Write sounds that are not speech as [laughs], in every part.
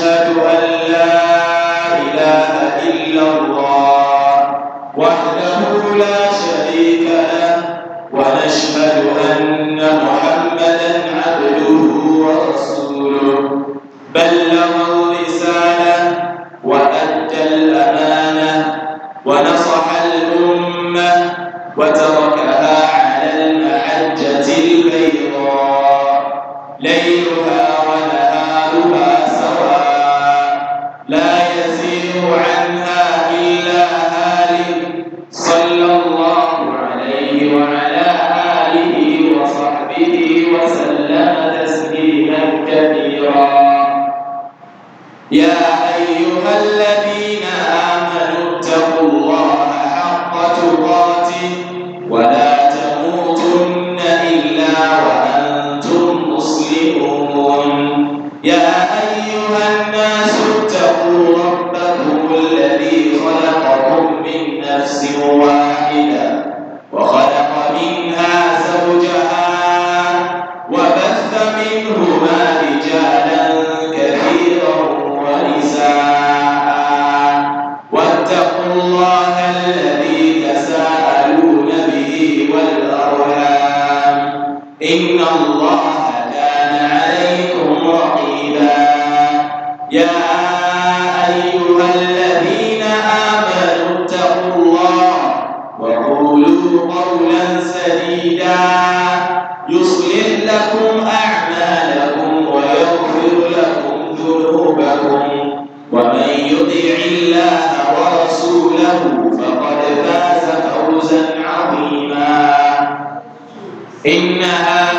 أشهد أن إنها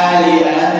Ali and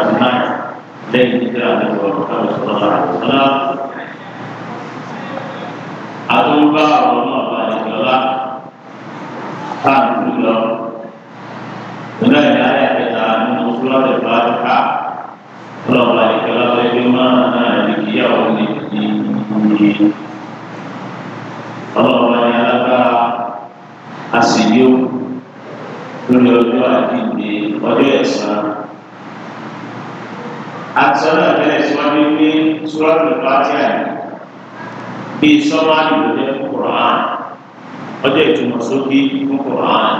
àti náà lẹ́yìn títí àti ọ̀rọ̀ káwé sọ̀rọ̀ àti sọ̀rọ̀. àtúntà ọ̀rọ̀ náà bá ìjọba káàkiri lọ. ìlànà ìdáyà Kalau ní oṣù láti bá a ká ọlọ́pàá ìjọba fẹ́ gbé máa náà lè kíyàwó ní ìdí ọlọ́pàá ní àtisọ́nà tẹ́lẹ̀ síwájú pé sùrọ̀tù pàtíà bíi sọ́mánì ló jẹ́ fún Qur'an ọjọ́ ìtumọ̀ sókè fún Qur'an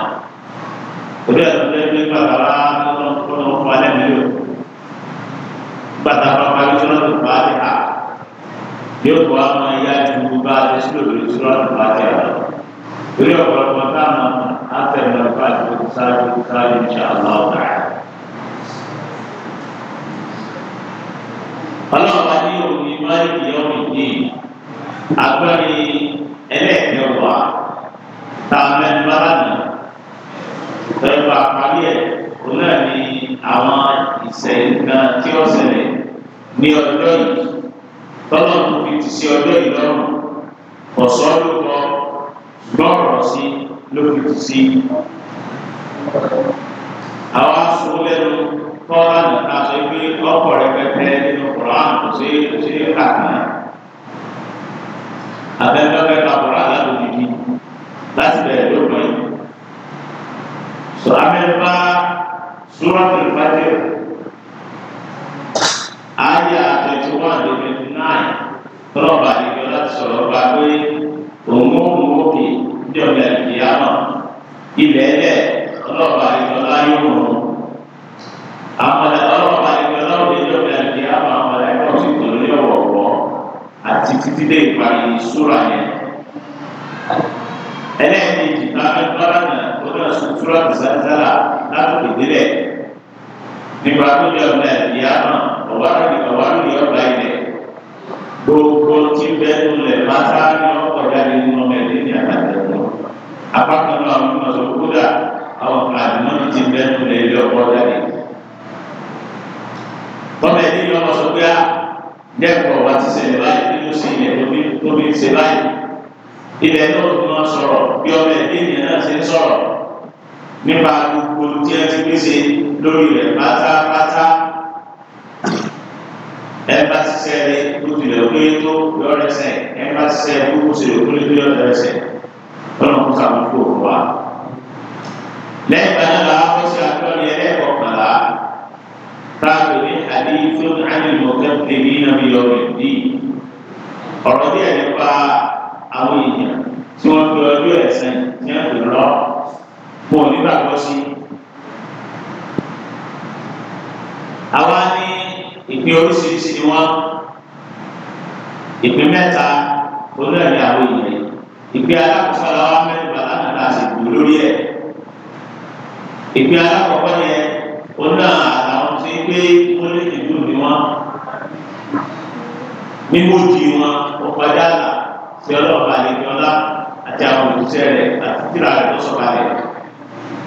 òde àtúndé pé bàbá ọlọ́run fún alẹ́ mi yóò bàtà bàbá yóò sọ́rọ̀tù pàtíà yóò bọ̀ àwọn ẹ̀yà ìdúró bá a ti sílò lórí sùrọ̀tù yang lórí ọ̀pọ̀lọpọ̀ táwọn afẹ́mọ̀lọ́pàá ti sáájú sáájú ìṣàlọ́ ọ̀tàrà. ọlọ́run wa ní òní máìkì ọ̀hún yìí agbẹ́rin ẹlẹ́ẹ̀kẹwàá tá a mẹ́rin bá lánàá pẹ̀lú àparí ẹ̀ òun náà ní àwọn ìṣẹ̀lẹ̀ kan tí ó ṣẹlẹ̀ ní ọjọ́ yìí tọ́lọ́run fi ti sí ọjọ́ yìí lọ́rùn ọ̀sọ́ ló kọ gbọ́rọ̀ sí ló fi ti sí àwọn aṣọ lẹ́nu kọ́ra nìta ṣe pé ọkọ̀ rẹpẹtẹ nínú Qur'an kò sí kò sí kàkàn. abẹ́gbẹ́gbẹ́ ka Qur'an láti dìbì láti bẹ̀rẹ̀ lópin. sọ amẹ́ríkà Suratul Fatir àyà twenty one to twenty nine tọ́lọ́ba ìgbẹ́ láti sọ̀rọ̀ gba pé òun ó mú òkè ní ọ̀gá ìdíyàmọ̀ ilẹ̀ ẹ̀dẹ̀ tọ́lọ́ba ìgbẹ́ láyé òun àmàlà ọlọ́pàá ẹgbẹ́ ọlọ́run ní ìjọba àti àwọn àmàlà ẹgbẹ́ ọ̀sìn tó ní ọ̀wọ̀wọ́ àti títí dé ìparí sóra yẹn. ẹlẹ́ẹ̀kejì bá ẹgbẹ́ náà ó lọ sí túrọ̀ àtìsáńsálà látòkè délẹ̀ nípa tó ní ọ̀nà ẹ̀dí àmà ọ̀wárò ní ọ̀wárò ní ọ̀gbà ilẹ̀ gbogbo tí bẹ́ẹ̀ tó lẹ̀ máa sáà ilẹ̀ náà ló máa sọ̀rọ̀ bí ọmọ ẹ̀ ní ìyẹn náà ṣe ń sọ̀rọ̀ nípa gbogbo tí ẹ ti pèsè lórí rẹ̀ pátápátá ẹ bá ti sẹ́ẹ̀rẹ́ kó tilẹ̀ pé tó yọ rẹsẹ̀ ẹ bá ti sẹ́ẹ̀rẹ́ kó kó tilẹ̀ kó lè tó yọ rẹsẹ̀ lọ́nà kó sàmú kó fún wa. náà làá kó sí àtọ́ni ẹlẹ́kọ̀ọ́ kàlá táàbù ní àdé tó ní àyè lọ́kẹ́ tèmi àwọn èèyàn tí wọ́n fi ọjọ́ ẹ̀sìn ní ẹ̀kọ́ lọ wọn ò sí. àwa ní ìpín oríṣiríṣi ni wọ́n ìpín mẹ́ta olóòrè àwọn èèyàn ìpín alákòóso aláwa mẹ́tòkà lánàá láti gbò lórí ẹ̀ ìpín alákọ̀ọ́kọ́ yẹn oná àtàwọn tí ń gbé mọ́lẹ́dìdú ni wọ́n mímú di wọn ọ̀pá dáadáa tí ọlọ́ọ̀bá lè ní ọlá àti àwọn òṣìṣẹ́ rẹ̀ àti tíra rẹ̀ lọ́sọ̀bá rẹ̀.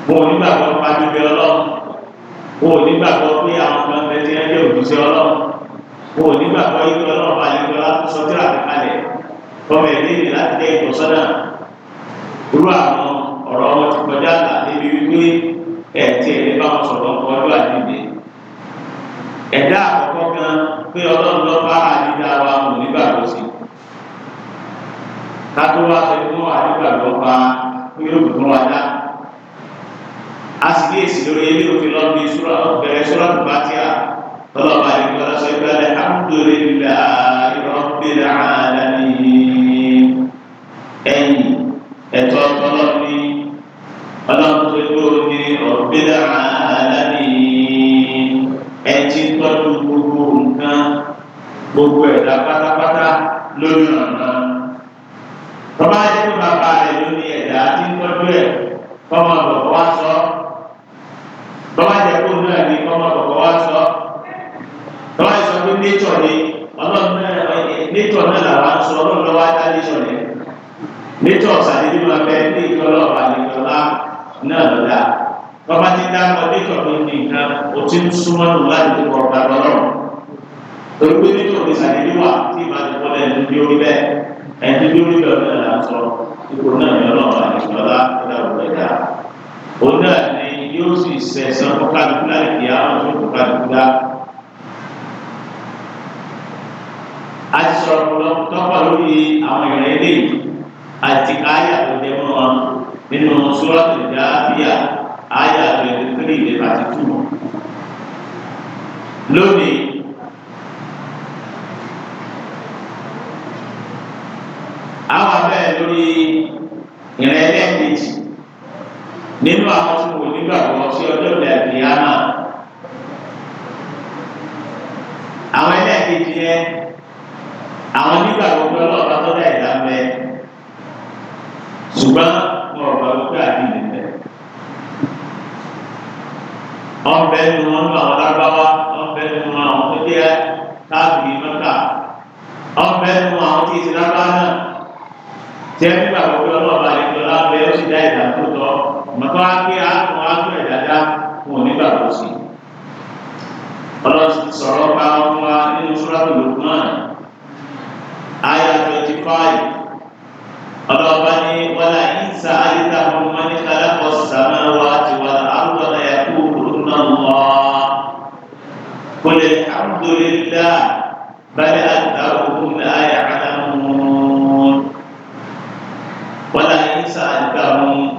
Mo ò nígbàgbọ́ nípa bíbí ọlọ́run. Mo ò nígbàgbọ́ pé àwọn ọmọ ẹgbẹ́ ti ń jẹ́ òṣìṣẹ́ ọlọ́run. Mo ò nígbàgbọ́ yíkọ́ ọlọ́ọ̀bá lè ní ọlá tó sọ tíra rẹ̀ kalẹ̀. Tọ́mọ ẹ̀ léèrè láti dé ìtọ́sọ́nà. Irú àwọn ọ̀rọ̀ wọn ti kọjá àgbà débi wípé ẹ̀ tí ẹ̀ lè bá wọn sọ̀rọ̀ ọkọ̀ ọdún àdébí. Ẹ̀dá àkọ́kọ́ gan pé ọlọ́run lọ́ bá àdídá wa mọ̀ nígbàgbọ́ sí i kátó wá sọ fún àdúgbò àgbọ̀npa fún yóò fún wa dá. a sì ní èsì lórí ilé òfin lọ bí bẹ̀rẹ̀ sọ́rọ́ bàtíà tọ́lọ̀ bá yẹ kí wọ́n sọ ìgbà rẹ̀ alhamdulillahi rabbil alamin. ẹ̀yìn ẹ̀tọ́ tọ́lọ̀ ní ọlọ́mọdébóni rabbil alamin. ẹ̀jì tọ́jú gbogbo nǹkan gbogbo ẹ̀dá pátápátá lórí ọ̀nà tọ́ba yẹn tó bàbá rẹ̀ ló ní ẹ̀dá tí ń tọ́jú ẹ̀ kọ́mọ bọ̀bọ̀ wá sọ tọ́ba yẹn kó náà ní kọ́mọ bọ̀bọ̀ wá sọ tọ́ba yẹn sọ pé nature ni ọlọ́run náà nature náà làwọn aṣọ ọlọ́run lọ́wọ́ ajá nature yẹn nature ṣàdédé máa bẹ ní ìtọ́lọ́ àlejòlá náà lọ́dà tọ́ba ti dá ọ nature tó ní nǹkan o ti ń súnmọ́ nù láti tó kọ̀ ọ̀gá lọ́rùn torí pé nature ti ṣàdédé wà tí ìbá ẹni tó ní bẹ̀rẹ̀ náà la sọ ipò náà ní ọlọ́run àdìgbọ́lá ìdáwọ̀ ẹ̀dá òun náà ni yóò sì sẹ̀sán kọ́kàlùkù láì kí àwọn tó kọ́kàlùkù dá. a ti sọ̀rọ̀ tọ́pọ̀ lórí àwọn ìrìn ilé àti àyà tó jẹ mọ́ wọn nínú sọ́ọ̀tì dábíà àyà tó kéré ìlẹ̀ ti túmọ̀ lónìí. àwọn abẹ́rẹ́ lórí ìrìn ẹlẹ́ẹ̀kejì nínú àwọn tí mo nígbàgbọ́ sí ọjọ́ ìlà ìfìyàmà àwọn ẹlẹ́ẹ̀kejì yẹn àwọn nígbàgbọ́ pé ọlọ́ọ̀bá tó dá ìlà mẹ́ ṣùgbọ́n wọn ò gbàgbọ́ pé àbí nìfẹ́ ọ̀bẹ nu wọn nínú àwọn lágbáwá ọ̀bẹ nu wọn àwọn tó dé káàbì mẹ́ta ọ̀bẹ nu àwọn tí ìsìn lágbáwá náà tí ẹni gbà wọ́n pé ọlọ́ọ̀bá lè fi ọlá bẹ ó sì dá ìdá tó tọ́ mọ̀tọ́ á pé àátọ́ ájú ẹ̀ dáadáa fún onígbà tó sì. ọlọ́sìn sọ̀rọ̀ bá wọn wá nínú sùràtù Lukman àyà twenty five ọlọ́ọ̀bá ní wàlá ìsà àyíká fún wọn ní kálákọ̀ sàmà wá ti wà áwùjọ náà kú òkúrú náà wọ́ kólé alhamdulillah bá ní àdàrú òkú náà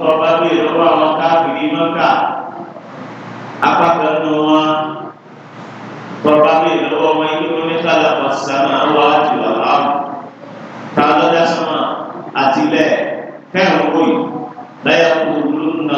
sọ̀rọ̀báwí lọ́wọ́ àwọn káàkiri mọ́kà apákan wọn sọ̀rọ̀báwí lọ́wọ́ wọn yìí tó ní kálá ọ̀sánà wà jùlọ láàmú ta lọ́jà sọ́nà àtìlẹ̀ kẹrùn kò yìí lẹ́yà kúrú nà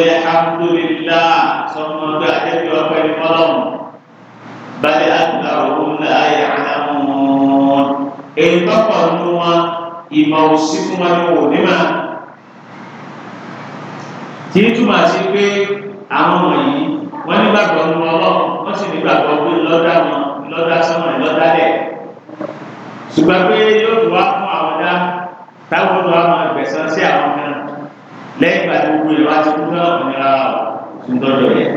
alhamdulillah لا يعلمون ìtọ́pọ̀ nínú wọn ìmọ̀ òsì fún wọn ní wò nímà tí túmọ̀ sí pé àwọn wọ̀nyí wọ́n nígbàgbọ́ nínú ọlọ́run wọ́n sì nígbàgbọ́ pé lọ́dà wọn lọ́dà sọ́mọ̀ lọ́dà lẹ̀ ṣùgbọ́n pé yóò tó wá fún àwọn dá táwọn tó wá máa gbẹ̀sán sí àwọn kan lẹ́yìn ìgbà tó gbé wá ti kú náà òmìnira ọ̀ tó ń tọ́jú rẹ̀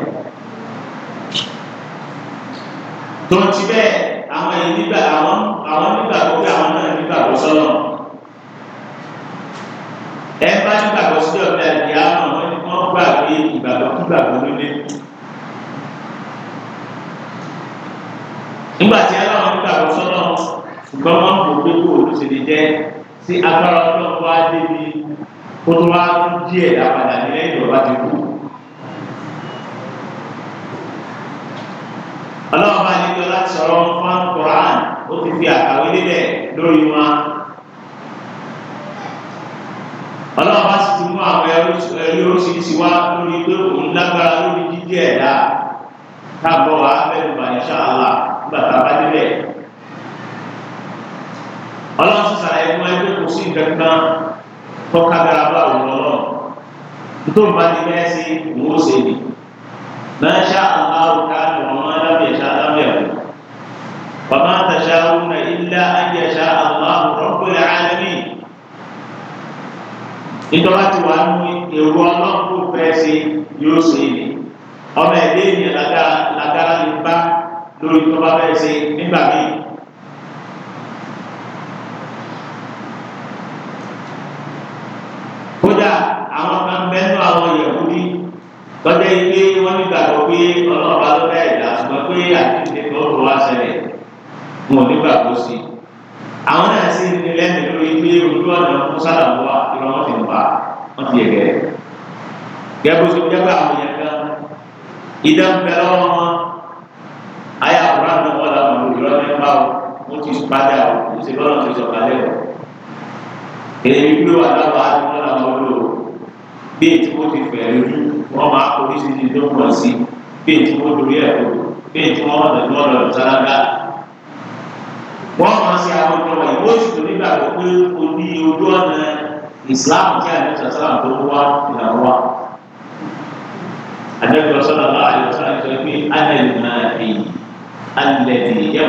tó ń ti bẹ́ẹ̀ àwọn ẹni nígbà àwọn àwọn nígbà kó pé àwọn náà nígbà kó sọ́nà ẹ bá nígbà kó sí ọ̀dà ìdí àwọn wọn ni wọ́n gbà pé ìgbàgbọ́ kígbàgbọ́ nílé. nígbà tí ẹ láwọn nígbà kó sọ́nà ṣùgbọ́n wọ́n kò gbé kó olùsèlè jẹ́ sí agbára ọlọ́pàá débi kó tó wá díẹ̀ lápadà ní lẹ́yìn ìjọba ti kú. ọlọ́run bá ní kí láti sọ̀rọ̀ fún Quran ó ti fi àkàwé lélẹ̀ lórí wọn. ọlọ́run bá sì ti mú àwọn ẹrú oríṣiríṣi wá lórí pé òun lágbára lórí jíjí ẹ̀dá táàbọ̀ wá bẹ́ẹ̀ bá insha Allah nígbà tá a bá débẹ̀. ọlọ́run sì sàlàyé fún ẹgbẹ́ kò sí nǹkan kan tó kágbára bá òun lọ́rọ̀ tó bá ti bẹ́ẹ̀ sí òun ó ṣe nìyí. ما شاء الله كان وما لم يشاء لم يكن وما تشاءون إلا أن يشاء الله رب العالمين nítorí tí wàá mú èrò ọlọ́pù fẹ́ ṣe yóò ṣe ni ọmọ ẹ̀dẹ́ ènìyàn lágbára ló bá lórí tó bá fẹ́ ṣe nígbà míì tọ́jú pé wọ́n ní gbàgbọ́ pé ọlọ́ọ̀bá ló dá ìdá ṣùgbọ́n pé àtúntò tó rọ wá ṣẹlẹ̀ wọn ò ní gbàgbọ́ sí i. àwọn náà sì ní lẹ́mìí lórí pé ojú ọ̀nà fún sálàmù wa irọ́ wọn ti ń pa wọn ti yẹ̀gẹ̀ rẹ̀. gẹ́gbó sọ jẹ́ pé àwọn yẹn kan ìdá ń bẹ lọ́wọ́ wọn ayé àkùrá ń lọ́wọ́ làwọn o wọ́n ti padà o ìṣèlú ọ̀nà ti sọ̀kalẹ̀ bí èyí tí wọ́n ti fẹ̀ lójú wọ́n máa kórí sí ní dókòwò sí bí èyí tí wọ́n dorí ẹ̀kọ́ bí èyí tí wọ́n wọ́n tẹ̀lé ọ̀rọ̀ ìsárágà. wọ́n máa ṣe àwọn ọmọ yìí wọ́n sì tó nígbà tó pé o ní ojú ọ̀nà ìsìláàmù tí àdéhùn sàlám tó wá ìlànà wa. àdéhùn sọ̀rọ̀ bá àdéhùn sọ̀rọ̀ pé alẹ́ máa fi alẹ́ ti yẹ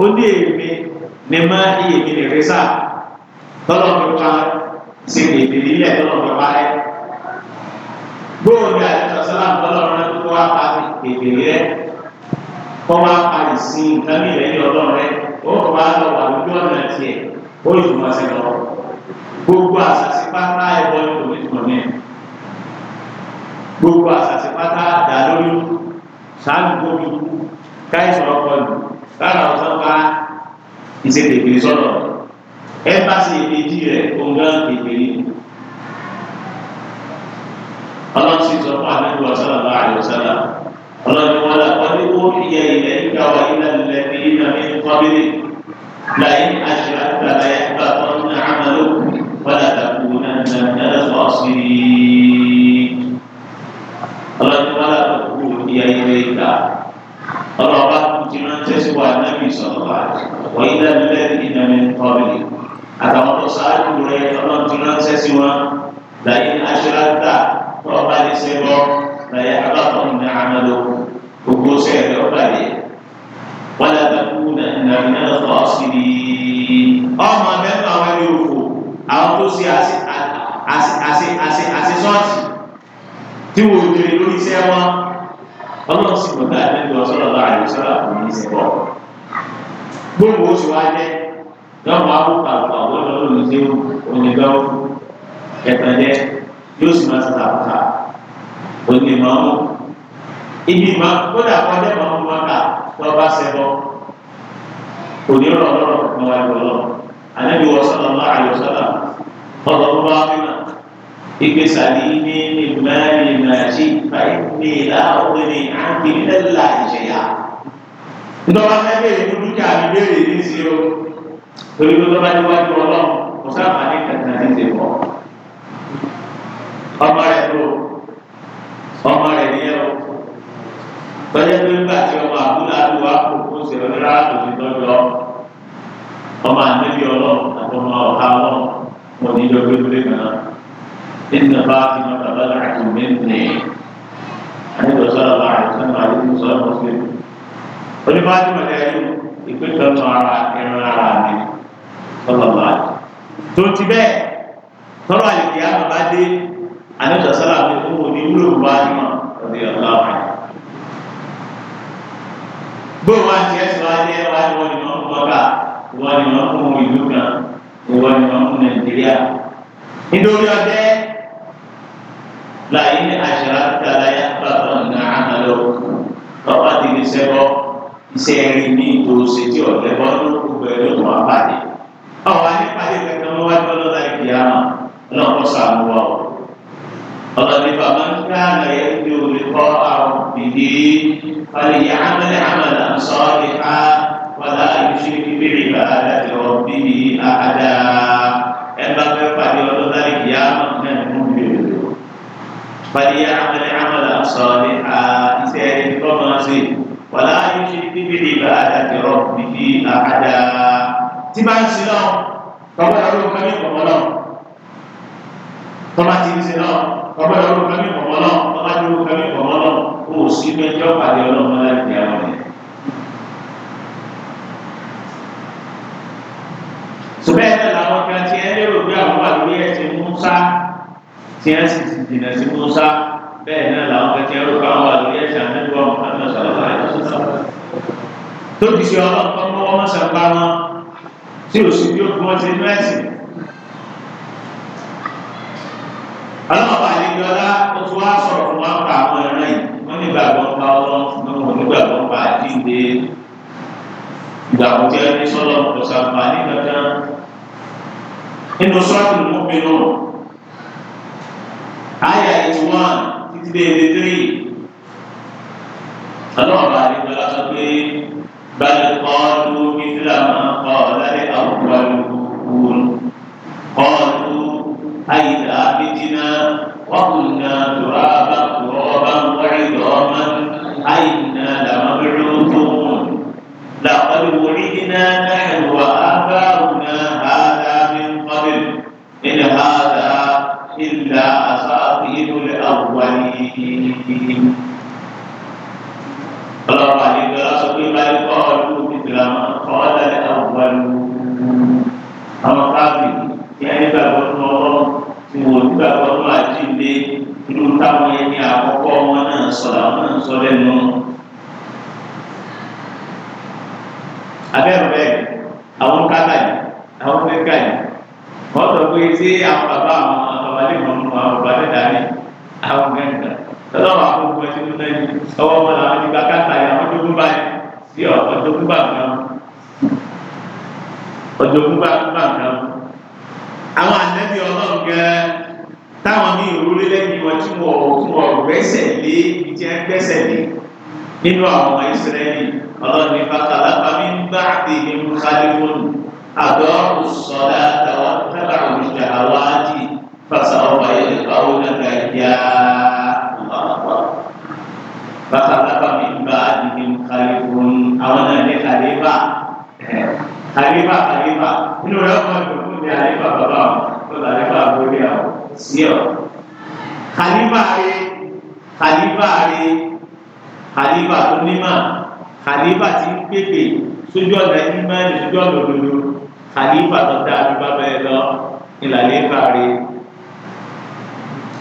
ó ní èmi ní má iye mi ní rí sáà tọ́lọ́ mi pa sí èmi nílẹ̀ tọ́lọ́ mi pa rẹ̀ gbóòdì àtẹ̀sọ́lá tọ́lọ́ rẹ̀ kó wá pa èmi rẹ̀ kọ́ wá pa ìsìn nǹkan mi rẹ̀ ní ọlọ́run rẹ̀ ó kọ́ wá lọ wà lójú ọ̀nà tiẹ̀ ó yìí fún wa sí lọ gbogbo àṣàṣì pátá ẹ̀bọ ní òní tó ní gbogbo àṣàṣì pátá dà lórí sáà gbogbo káyọ̀ sọ̀rọ̀ kọlù lára ọ̀sán bá ìṣètèkè sọ̀rọ̀ ẹ bá sì èdè rẹ̀ ọ̀gán kékeré ọlọ́run sì sọ fún àdéhùn ọ̀sán àbá àyọ̀sálà ọlọ́run wọn là wọ́n ní ó yẹ ilẹ̀ ìgbà wa ilẹ̀ ilẹ̀ ní ilẹ̀ mi kọ́bílì láyé àṣẹ àgbàlá yẹ kó àtọ́ ní àmàlò wọ́n àtàkù náà náà lọ́sọ̀ọ́sì ọlọ́run wọn là wọ́n kú ìyá ilẹ̀ ìgbà ọlọ́run bá sípò ànábì sọ̀rọ̀ wa wọ́n yí dá nílẹ̀ ìnáwó tọ́lì àtàwọn tó sáájú rẹ̀ ọlọ́run ti ránṣẹ́ sí wọn láyé aṣọ́láńtà tó ọba lè ṣe bọ́ láyé abáfọ́ ní àmàlò gbogbo sẹ́ẹ̀rẹ̀ ọba lè wọ́n lè dàkú nàìjíríà lọ́tọ̀ sí i. ọmọ bẹ́ẹ̀ bá wọn ní òfò àwọn tó ṣe àṣìṣọ́ọ̀tì tí wọ́n ò jèrè lórí iṣẹ́ wọn ọlọ́run sì mọ̀ tá àdébí ọ̀sán ọ̀la àdìsọ́lá kò ní í sẹ́kọ̀. gbogbo oṣù wa jẹ́ lọ́mọ awúkà àwọn ọlọ́run ṣe onígbàwó ẹ̀tànjẹ́ yóò sì máa ṣàkóso onímọ̀ ọ́n. ibi máa kódà kọjá máa ń wọ́n kà lọ́ bá sẹ́kọ̀ onírọ̀ lọ́rọ̀ kan wá lọ́ lọ́ àdébí ọ̀sán ọ̀la àdìsọ́lá ọ̀lọ́run bá wí náà المال ما شئت فإني لا أغني عنك من الله شيئا ntọ́ba sábẹ́ ìlú dúkìá mi béèrè ní sí o torí pé tọ́ba ti wájú ọlọ́run kò sábà ní kankan ní pọ̀ ọmọ rẹ̀ ló ọmọ rẹ̀ ní ẹ̀rọ tọ́jú pé nígbà tí ọmọ àbúlá ló kó kó ṣe rárá kò sí tọ́jú ọ ọmọ àmì ọlọ́run àti ọmọ ọ̀ha ọlọ́run mo ní ìjọba ìdílé náà. إن فاطمة بلعت مني النبي صلى الله عليه وسلم عليه الصلاة والسلام ولي فاطمة لأيو يقول كم مرة كم مرة صلى الله عليه وسلم tonti bẹ́ẹ̀ tọrọ àlèkè àmà bá dé anẹtọ sọlá mi fún òní wúlò wá nímọ ọdẹ ọlá wà ní. gbóò wá tiẹ̀ sọ adé wá ní wọ́n ní wọ́n fún ọba wọ́n ní wọ́n fún ìlú kan wọ́n ní wọ́n fún nàìjíríà. nítorí ọdẹ lain asyarat kalaya babana amalo tọ́pá ti di sẹ́kọ́ iṣẹ́ rí ní ìtòrò ṣètì ọ̀dẹ́ bọ́ ló kú bẹ̀rẹ̀ tó wà pàdé. ọ̀wá ní pàdé kankan wọ́n wájú ọlọ́dà ìkìyà náà lọ́kọ́ sàmúwà ọ̀. ọ̀lọ́dẹ bàbá ń ká àlàyé ní orí kọ́ àwọn ìdí fàlìyà ámẹ́lẹ́ àmàlà ń embak فليعمل عملا صالحا يسير كماسي ولا يشرك بعبادة ربه أحدا تبان سلام كما يقول كمين كمالا كما تبي سلام كما يقول كمين كمالا كما يقول كمين كمالا هو سيمن جوا على الله ما يعلم سبحان الله كان سيئ لو بيعمل بيه سيمون سا tí wọ́n sì ti dènà sí Musa bẹ́ẹ̀ náà làwọn kẹtì ẹrú káwọn wà lórí ẹ̀sìn àmẹ́lúwà Muhammad sọlọ́wọ́ àìsàn tó ti ṣe ọlọ́pàá mọ́wọ́ mọ́sàgbá wọn tí ò sì bí ó gbọ́n ṣe mẹ́sì. ọlọ́pàá àlejò ọlá ó tún wá sọ̀rọ̀ fún wa pa àwọn ẹran yìí wọ́n nígbàgbọ́ pa ọlọ́ ṣùgbọ́n wọn nígbàgbọ́ pa àdínde ìgbàgbọ́jẹ́ ní sọ́lọ́ ọ̀sán pa nígbàgbọ́ nínú sọ́ọ̀tù àyà eighty one títí dé eighty three ọlọ́ọ̀bà àdìgbọ́lá sọ pé báyìí kọ́ ló ní fílàmù kọ́ lálẹ́ àwùjọ àlùkùn kọ́ ló ọlọ́pàá ní ìjọba sọ pé báyìí kọ́ ọdún ìdìbò àwọn ọ̀ọ́dà ní àwùjọ àwọn káàbì ní ẹnìgbàgbọ́ tó ọlọ́run tí wọ́n nígbàgbọ́ tó àjíǹde inú táwọn ẹni àkọ́kọ́ wọn náà sọ làwọn náà sọ lẹ́nu. abẹ́rù bẹ́ẹ̀ àwọn kátà yìí àwọn mẹ́kà yìí wọ́n sọ pé ṣé àwọn bàbá àwọn àbàlẹ́ ìmọ̀ àwọn bàbá dẹ́dà ni àwọn gẹ́gẹ́ ọlọ́wọ́ àkókò ẹtí ló náà yìí ọwọ́ wọn làwọn ti gba káta yìí àwọn ọdún gbà yìí sí ọdún gbà nǹkan ọdún gbà nǹkan. àwọn ànábì ọlọ́run gẹ́ táwọn ní ìrúlé lẹ́yìn wọn tí wọ́n tí wọ́n gbẹ́sẹ̀ lé ibi tí wọ́n gbẹ́sẹ̀ lé nínú àwọn ọmọ ìsirẹ́lì ọlọ́run ní bàtàlá bàmí ń bá àtẹ̀yẹ mú kálífóònù àbẹ̀ ọ̀rùn sọ̀rọ̀ fasalaba mi ba digi kalifun àwọn náà ní kalifa kalifa kalifa inú rẹ wọn tó kún ní kalifa bàbá wọn tó kalifa àbúrò àwọn sí ọ kalifa rẹ kalifa rẹ kalifa tó nímà kalifa ti ń pépè sójú ọ̀nà ìmọ̀ẹ́nì sójú ọ̀nà òdodo kalifa tó dáa ju bàbá ẹ lọ ìlànà ìfà rẹ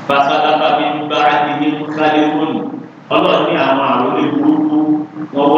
fasalaba mi ba ọlọ́run ní àwọn àròlé burúkú wọn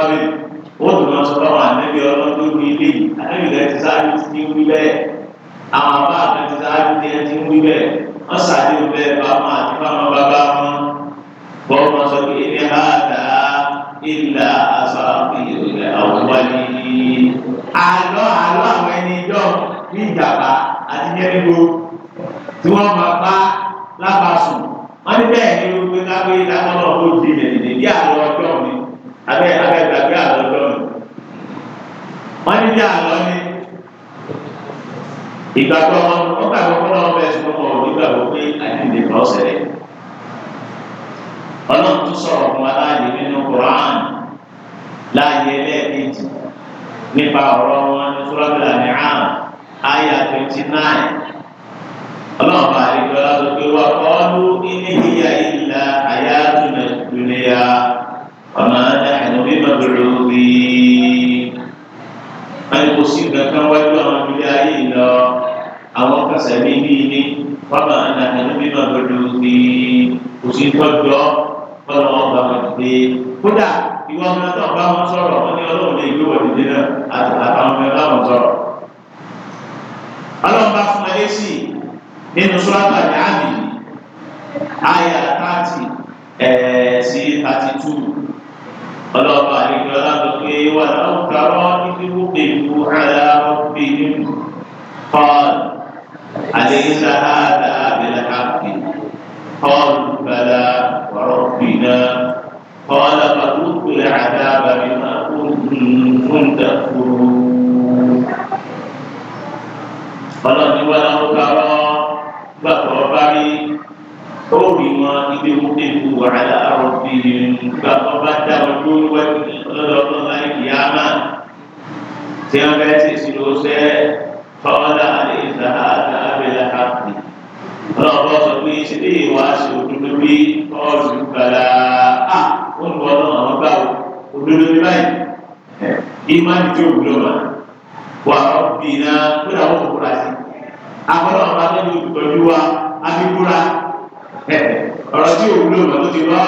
mọ́bí wọ́n tún máa sọ fáwọn ànábì ọlọ́run tó wí ilé yìí ànábì rẹ̀ ti sáájú ti ń wí bẹ́ẹ̀ àwọn bá àná ti sáájú ti ń wí bẹ́ẹ̀ wọ́n sàdé ọbẹ̀ bàmọ́ àti bàmọ́ bàbá wọn bọ́ wọn sọ pé èmi á dà á ìlà àṣà ìrìnlẹ̀ àwọn wáyé àlọ́ àlọ́ àwọn ẹni ìjọ ní ìjàmbá àti nyẹ́rìgbó tí wọ́n máa bá lábàásùn wọ́n ní bẹ́ẹ̀ ni wọ́n gbé abẹ́ abẹ́ gbàgbé àlọ́ lọ́nà wọ́n ní bí àlọ́ ní ìgbàgbọ́ wọn wọ́n gbàgbọ́ fún ọmọ bẹ́ẹ̀ tí wọ́n mọ̀ nígbàgbọ́ pé àdìdè kan ṣẹlẹ̀ ọlọ́run tún sọ̀rọ̀ fún wa láàyè nínú Quran láàyè ẹlẹ́ẹ̀kejì nípa ọ̀rọ̀ wọn ní fúlábìlà ní àm àyà twenty nine ọlọ́run bá rí i lọ́la tó pé wà ọ́ ló ní níyà ìlà àyà tó nà dúnìyà ọ̀nà المجرمين أن يصيب كما وجه من بدايه àwọn kasa ní ibi ní wàhálà àdàkànnì mímọ gbọdọ ní òsì tọjọ kọlọ wọn bá wọn dìde kódà ìwọ ọmọ náà tó bá wọn sọ̀rọ̀ wọn ní Ọlọ́run lè gbé wọn dìde náà àtàkà wọn bá wọn sọ̀rọ̀. Ọlọ́run bá fún ẹyẹ eh, sí nínú sọ́láta ní àmì àyà tààtì ẹ̀ẹ́ sí tààtì ọlọ́ọ̀bà àlejò alábòkè wà náà kárọ́ ìdíwó pẹ̀lú ara ọ̀bí nínú paul àlejò àádá abẹ́lẹ̀ àbí paul bala wàrọ̀bìnà paul àbàdúgbòlẹ̀ àdá abàmì náà kún dàkúrú. ọlọ́ọ̀ni wà náà kárọ́ gbàgbọ́. kóòrì wọn ibi wúdí ìlú wàhálà àròbí gba ọba dá ọdún lọ́dọọdún láì yá máa tí wọ́n fẹ́ ṣe ìṣirò ṣẹ́ fọwọ́dà àti ìdáhà àti abẹ́lẹ̀ àpè ọlọ́ọ̀bọ sọ pé ṣíbí ìwà ṣe òdodo bí ọ̀sùn gbàlá à ó ń bọ̀ náà wọ́n gbà òdodo bí báyìí ìmá ju òdodo mà wà ọ̀bì náà kúrò àwọn òkúra sí àwọn ọ̀bá tó ń wa á fi kúra ọ̀rọ̀ tí òun ló mọ̀ tó ti wá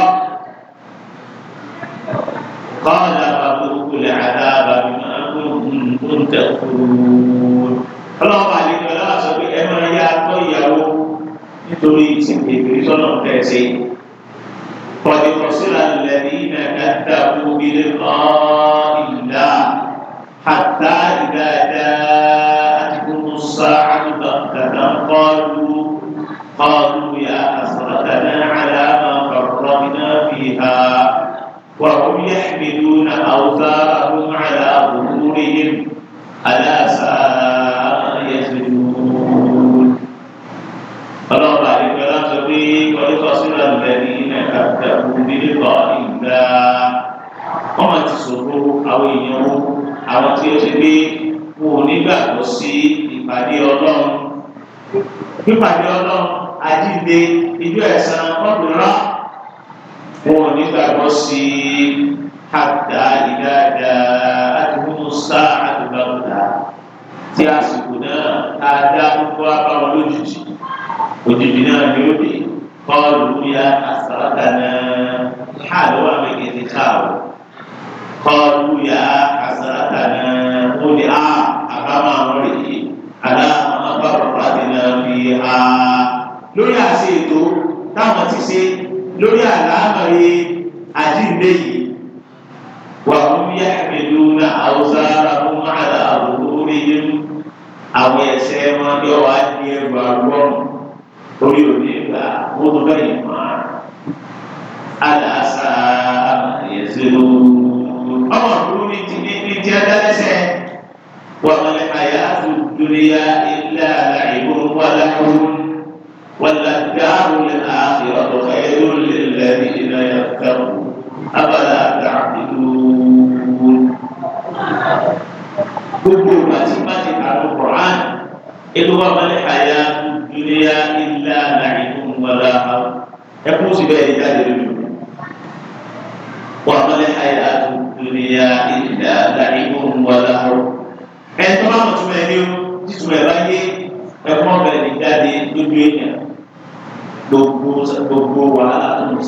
kọ́ọ̀dà àkókò lè àdá àbàmì náà kó ń tẹ̀ kúrú. ọlọ́ọ̀bà àlejò ọlọ́wà sọ pé ẹ máa yá tọ́ ìyàwó nítorí ti bèbè sọ́nà tẹ̀sí. قد خسر الذين كذبوا بلقاء الله حتى سواء على ظهورهم ألا ساء يزنون الله عليك لا تقي ويفصل الذين كذبوا بلقاء الله وما تسروا أو ينوه أو تيجبي wọn ò ní gbàgbọ́ sí ìpàdé ọlọ́run pípàdé ọlọ́run àdínde ijó ẹ̀sán ọ̀dùnrán wọn ò ní gbàgbọ́ sí i. حتى إذا جاءتهم الساعة بغتة tí àsìkò náà tá a dá gbogbo abáwọn lójijì òjijì náà ni ó dé kọlù ya àsàràtà náà hàlù wà mẹ́kẹ́ ti káwọ́ kọlù ya àsàràtà náà ó ní a àbámọ̀ àwọn rèé àdá àwọn abáwọ̀pá ti náà fi a lórí àṣẹ ètò táwọn ti ṣe lórí àlàámọ̀ yìí وهم يحملون أوزارهم على ظهورهم àwọn ẹsẹ̀ wọn bí ọwọ́ adé ẹgbà rọrùn orí òní ìgbà ó tó bẹyìn mọ àdàsá ẹsẹ̀ ló ọmọ òdúró ní ti ní ní ti ẹdẹsẹ wọn lè àyà dúdúríyà ilé àlàyébó wàlá ọrùn wàlá dáhùn lè àfihàn ọkọ ẹlòmílẹ lẹbi ìnáyà fẹwọn. abala ta'bidun gbogbo ìgbà tí Qur'an itu wa máa ní àyà dúníyà ilá làyìnbó wàlá ẹkún sì bẹ́ẹ̀ ní jáde lójú wa máa ní àyà dúníyà ilá làyìnbó wàlá ẹ̀ tó bá mọ̀ túmọ̀ ẹni o títúmọ̀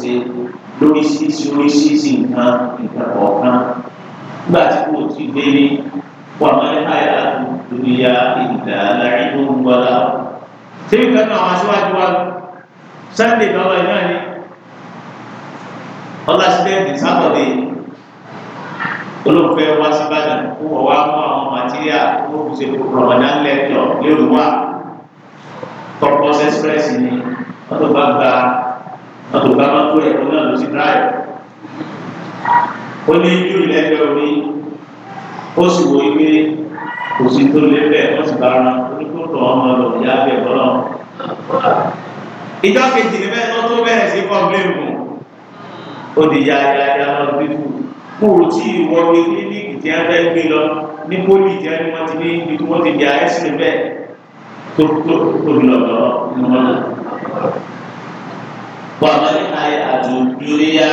ẹ̀ bá lórí ṣíṣí orí ṣíṣí nǹkan nǹkan kọ̀ọ̀kan nígbà tí kò tí ì délé wà mọ́lẹ́ àyà lóríyá ìdá láàrin tó ń wọlá. Ṣébi kan náà wọ́n aṣíwájú wa lọ. Sunday bàbá ìyá ni ọlásídẹ́ẹ̀tì sátọ̀dé olóòfẹ́ wá sí Ìbàdàn kó wọ́n wá mú àwọn màtíríà tó kù sí Ramadan lẹ́tọ̀ lérò wá. Tọ́pọ̀ express ni wọ́n tó bá gba àtùkà máa kó ẹ̀kọ́ náà lọ sí táyà ó ní ju ìlẹ́gbẹ́ orí ó sì wo ike kò sí tó lé bẹ́ẹ̀ wọ́n sì bára oníkótó ọmọ lọ ìyá bẹ́ẹ̀ bọ́lá. ìjọ kejì ni bẹ́ẹ̀ tó tó bẹ̀rẹ̀ sí kọ́ńpléèmù ó di ya ya ya lọ bí fún kó o tí ìwọ ní kílíníkì tí a fẹ́ gbé lọ ní pólì tí a ní wọ́n ti ní ibi tí wọ́n ti di àẹ́sìn bẹ́ẹ̀ tó tó tó lọ́dọ̀ nínú wọn wàmẹ́lì ayé àtúndúlẹ́yà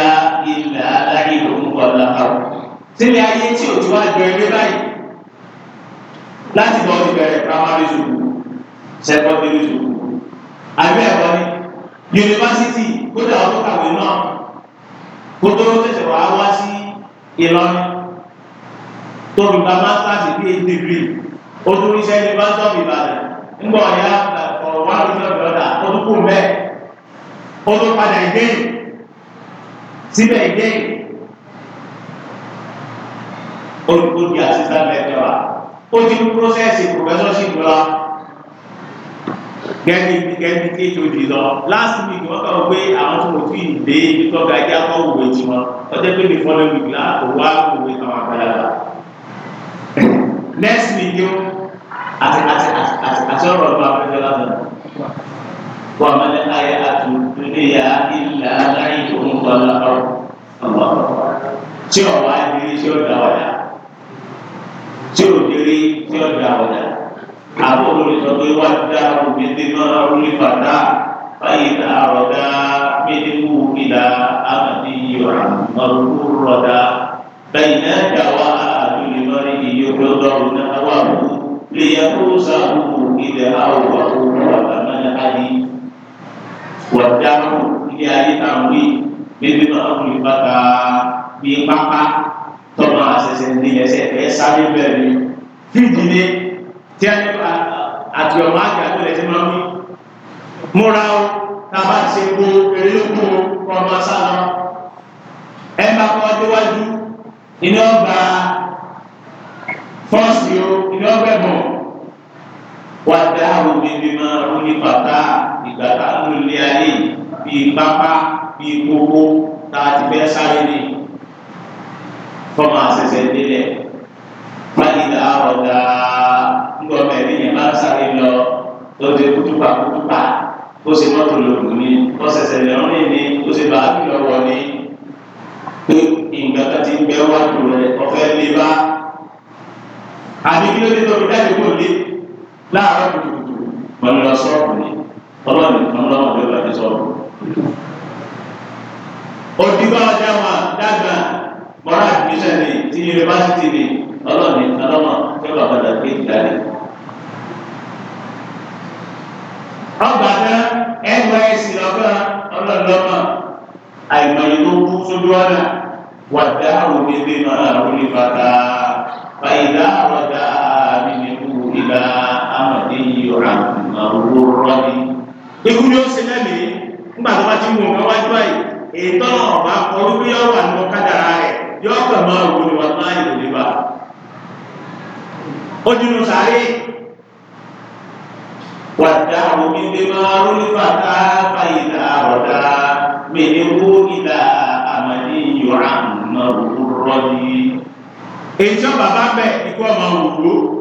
ilẹ̀ aláyé lòún wọlé àwọn. sílẹ̀ ayé tí òjò wá jọ ẹgbẹ́ báyìí láti bọ́ ìbẹ̀rẹ̀ primary school secondary school àbí ẹ̀kọ́ ni yunifásitì kódà ọdún kàwé náà kótó tẹ̀sẹ̀ wá wá sí Ìlọrin tóbi gba masters phd degree ó tún ríṣẹ́ ní bá tọ́bi Ìbàdàn ńgbọ̀n ya ọ̀wá lójú ọ̀dọ̀ ọ̀dà ó tún kù mẹ́ẹ̀ kó tó padà ìgbẹ́yìn síbẹ̀ ìgbẹ́yìn olùkó di assistant lecturer ó ti ń prọ́sẹ̀sì professorship lọ gẹ́gẹ́ gẹ́gẹ́ tí ètò ìdí lọ last week wọ́n kàn pé àwọn tó kò tíì dé ibi tó ga ẹjẹ́ akọ́ òwe tí wọn ọjọ́ pé the following week la kò wá òwe kan àgbàlagbà next week yóò àti àti àti àti ọ̀rọ̀ ọ̀gbà àgbẹ̀jọ́ lásán. وما الحياة الدنيا إلا لعب ولهو الله أكبر tí o wá diri tí o da o tí o diri tí o da o da àbúrò lè sọ pé wá dá omi dínà orí bàtà báyìí tá a rọ̀dá mídíkù ìlà amadi yọ̀rọ̀ mọ̀lúkú rọ̀dá báyìí náà dá wa àdúlé lórí iye gbọ́dọ̀rù náà wà wù lè yẹ kó sáà wù ìdè àwòrán òwúrọ̀ àmàlẹ́ àdìyí wọ̀dáhù ilé ayé náà wí bébí náà wí bàtà bí pápá tọ́nà àṣẹṣẹ ní ẹsẹ̀ ẹ sáré bẹ̀rẹ̀ fíjì ní tí a àti ọmọ àgbà tó lẹ́sẹ̀ máa wí. múra o tábà ṣe kó eré kó ọmọ sálọ ẹ bá kọ́ déwájú iná ọgbà fọ́ọ̀sì o iná ọgbà ẹ̀bùn wá dáhùn bíbí máa rú ní bàtà ìgbà tá a lò lé ayé bíi pápá bíi kókó tá a ti fẹ́ sáré ní fọmọ àṣẹṣẹ délẹ̀ fáyidà ọ̀dà ńgbọ̀mọ̀ ẹ̀rí yẹn bá sáré lọ lọ́dẹ kútùpà kútùpà ó sì mọ́tò lòkù ni ó ṣẹ̀ṣẹ̀ lẹ́rìn ni ó sì bá a lọ́wọ́ ni pé nǹkan kan ti ń bẹ́ wájú rẹ̀ ọ̀fẹ́ lé bá àbí kí ló dé tó fi dájú kò lé láàárọ̀ kùtùkùtù mọ̀lúra sọ́ọ̀bù ni ọlọ́ọ̀ni mọ̀lúra mọ̀lúra ní sọ́ọ̀bù. òdìbò ọjà wa dàgbà mọ́ra àdìmíṣẹ́ ni ti yunifásitì ni ọlọ́ọ̀ni ọlọ́mọ fẹ́ bàbá dàgbé ìdálẹ́. ọgbàdá nys lọ́gbà ọlọ́ọ̀lọ́mọ àìmọye tó kú sójú ọ̀dà wà dáhùn nílé máa rúlé bàtà fàyè dáhùn ọ̀dà mi nìkú ìlà amọ̀dé yìí ọ̀rọ̀ àwòrán rọ́ ni. ikú ni ó ṣe lẹ́mìí nígbà tó bá ti wù wọn wájú àyè ètò ọ̀bá orúkú yóò wà nínú kádàrá rẹ̀ yóò kàn máa wò ní wàhálà ìlú níbà. ó dínú sáré wàdà omi lè máa rólé bàtà fàyìlà ọ̀dà mẹ́lẹ́wó ìlà àmàlí yọ̀rọ̀ àmọ̀ òwúrọ̀ ni. èyí bàbá bẹ̀ ikú ọmọ òwúrọ̀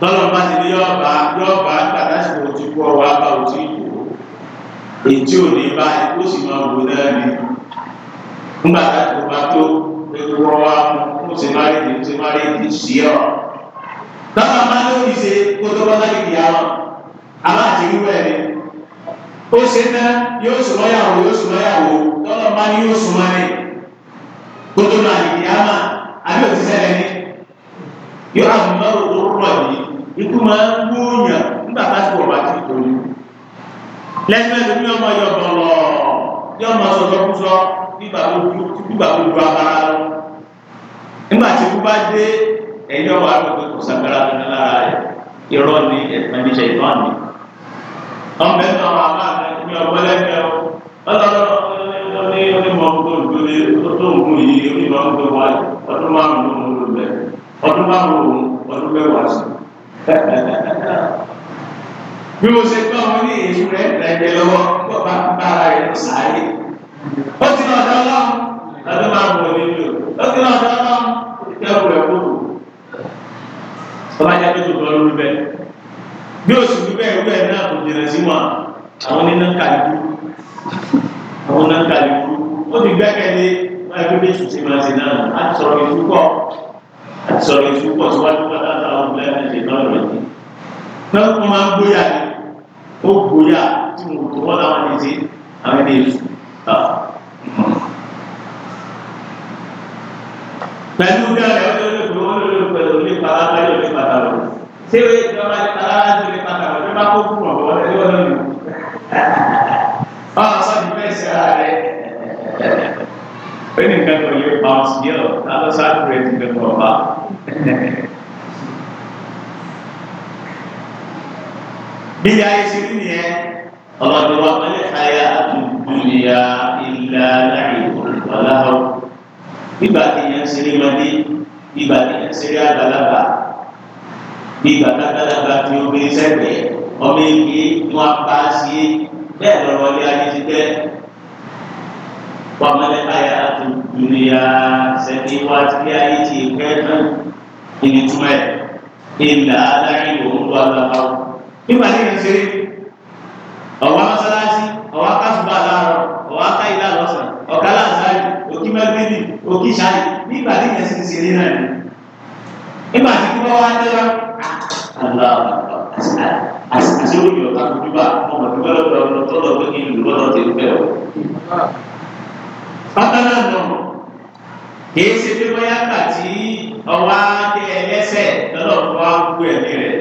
tọ́lọ̀ bá ti ní yọ̀ọ̀bá yọ̀ọ̀bá gbàdásìkò ti kú ọwọ́ abá òtí ìkó èyí tí ò ní bá ikú sì máa wò náà ni nígbà tó bá tó ewu ọwọ́ amú mo sì máa rí mo sì máa rí ti sí ọ. tọ́lọ̀ bá tó fi ṣe kótó bọ́lá kìkì àwọn aláàtì wíwẹ̀ ni ó ṣe ná yóò sùn lọ́yàwó yóò sùn lọ́yàwó tọ́lọ̀ bá ní yóò sùn mọ́ ni kótó náà kìkì àmà àbí òtí sẹ́lẹ̀ ni yóò àmọ́ òwúrọ̀ ni ikú máa ń gbóòyàn nígbà pásítọ̀ wà tí kò ní. lẹ́sìmẹ́sì ní ọmọ yọ̀bọ̀ lọ ní ọmọ sọ̀tọ̀kúsọ nígbà gbogbo abara lọ. nígbà tí ikú bá dé ẹ̀yìn ọwọ́ àgbẹ̀gbẹ̀ kò sàgbára nínú lára rẹ̀ irọ́ ni ẹ̀sìn níṣẹ́ ìtọ́ ni. ọmọ ẹ̀ náà wà láàrin ní ọgbọ́n lẹ́gbẹ̀ẹ́ ọlọ́run ní onímọ̀ ọdún márùn-ún ọdún mẹ́wàá sí i bí mo ṣe gbọ́ wọn ní èyí rẹ̀ ẹ̀jẹ̀ lọ́wọ́ gbọ́ bá bára rẹ̀ ló sáré ó ti lọ́ọ́ dán lọ́wọ́ lọ́dún máa ń wọ nílò ó ti lọ́ọ́ dán lọ́wọ́ ìkẹ́wù rẹ̀ kúrò ọlájà tó dùn lọ́rùn bẹ́ẹ̀ bí oṣù bí bẹ́ẹ̀ wíwẹ̀ náà kò jìnnà sí wọn àwọn oníná kàlíkù àwọn oníná kàlíkù ó ti gbẹ́kẹ̀lé wọn ẹgbẹ́ bí ètùtù máa ti náà á sọ̀rọ̀ ìfúkọ̀ á sọ̀rọ̀ ìfúkọ̀ síwájú pátá láyé àti ìlọrin rẹ̀ ni. Bẹ́ẹ̀ kó máa ń gbóyà ni, ó gbóyà tí mo tó wọ́n láwọn ní sí àwọn ẹni èso. Pẹ̀lú bí ọ̀rẹ́ ó lè lò ó lè lò pẹ̀lú ní pàlàpà yóò ní pàtà lọ. Ṣé o ti ọba ní pàlàpà yóò ní pàtà lọ? Ṣé kó fún ọ̀rọ̀ ẹ lọ́wọ́ lọ́wọ́? Báwo sọ ni bẹ́ẹ̀ ṣe ara rẹ̀? Pé nìkan kò yẹ pa ọ̀sìn yẹ̀ ọ̀ bí i ayé ṣe rí nìyẹn ọlọ́dún wa mẹ́lẹ̀ ayé àtúntúnyà ilà láì ọ̀làwọ̀ ìgbà kìíyàn ń ṣeré lọ́dí ìgbà kìíyàn ń ṣeré àgbàlagbà ìgbà kàgbàlagbà tí ó gbé sẹ́gbẹ̀ẹ́ ọmọ èké wọn bá sí bẹ́ẹ̀ lọ́wọ́ ilé ayé ti bẹ́ẹ̀ wàmẹ́lẹ́ ayé àtúntúnyà sẹ́ni wá ti bí ayé ti kẹ́ẹ́ náà ìnìtúmẹ̀ ilà láì ọ̀làwọ̀ nígbà tí yẹn ṣeré ọ̀wá mọ́sálásí ọ̀wá kásùbà láàárọ̀ ọ̀wá káyìlá lọ́sàn ọ̀ká láàzáyì òkí mẹ́gbẹ́lì òkí ṣáyì nígbà tí yẹn ṣe náà ni nígbà tí kí wọ́n wá dé wá àlọ́ àṣìṣe òbí ọ̀tá kojú bá ọmọ ìdúgbò lọ́dọ̀ tọ́lọ̀ pé kí n lù lọ́dọ̀ tẹ̀lé bẹ́ẹ̀ o. bákan náà nọ kìí ṣe pé bóyá gbà tí ọwọ́ á dé ẹlẹ́sẹ̀ lọ́dọ̀ fún wa gbogbo ẹ̀mí rẹ̀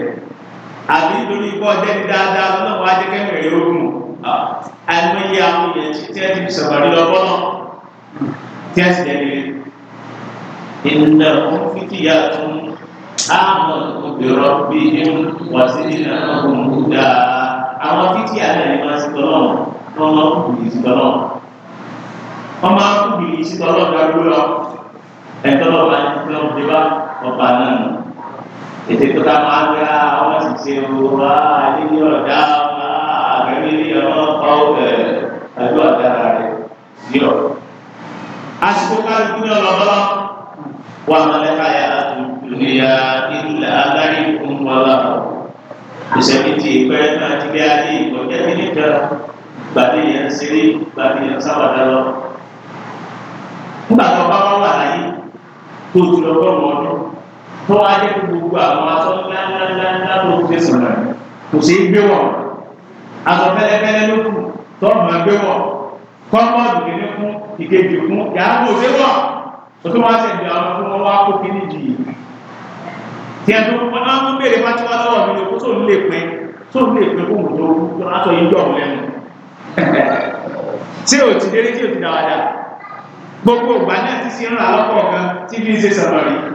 àbí nítorí ikọ́ jẹ́ni dáadáa lọ́wọ́ ajẹ́kẹ́mì rẹ̀ ogun àìmọye àwọn èèyàn tí tí ẹ ti fi sọ̀rọ̀ lọ́wọ́ náà tí ẹ sì lẹ́nu rẹ̀ ìnà fún fíkìyà tún àmọ̀ òbírọ̀ bí ihun wà sí nínú àwọn òmùú dáa àwọn fíkìyà náà ni máa ń sìkọ́ náà wọ́n máa ń kùbìlì sìkọ́ náà wọ́n máa ń kùbìlì sìkọ́ náà dáadúró lọ ẹ̀tọ́ lọ́ba ẹ̀tọ́ lọ́ba ọba náà itu ìtọ́ta ya, ń gbá ọmọ ṣiṣẹ́ wa níbi ọ̀dá wa àgbẹ̀mí ní ọmọ ọkọ̀ ọ̀bẹ àjọ àdára rẹ̀ yọ. dunia káàdì ní ọlọ́lọ́ wà mọ̀lẹ́ka yà lùyà ìlà agbárí fún wọlá ìṣẹ̀lẹ̀ kaya ìpẹ́ náà ti gbé ayé ìgbọ̀jẹ́ nílẹ̀ gbàdé yẹn ṣeré gbàdé yẹn sábàdá lọ. nígbà tó bá tó wá dé gbogbo àwọn aṣọ ńláńláńlá tó ń fi sọ̀rọ̀ kò sí gbé wọ̀ aṣọ fẹ́lẹ́fẹ́lẹ́ ló kù tó ọ̀nà gbé wọ̀ kọ́mọ́ọ̀dù kìíní fún ìkejì fún yàrá kò sí wọ̀ tó tó wá ṣẹ̀dọ̀ àwọn fún wọn wá kó kíní jì yìí tí ẹ tó wọn náà ń béèrè bá ti wá lọ́wọ́ mi lóko tó ń lè pẹ́ tó ń lè pẹ́ kó wò tó aṣọ yìí jọ̀ lẹ́nu tí o délé tí o dáadáa gbogbo ìgbà náà ti ṣe ń ra lọ́pọ̀ kan tí kì í ṣe sọ̀rọ̀ yìí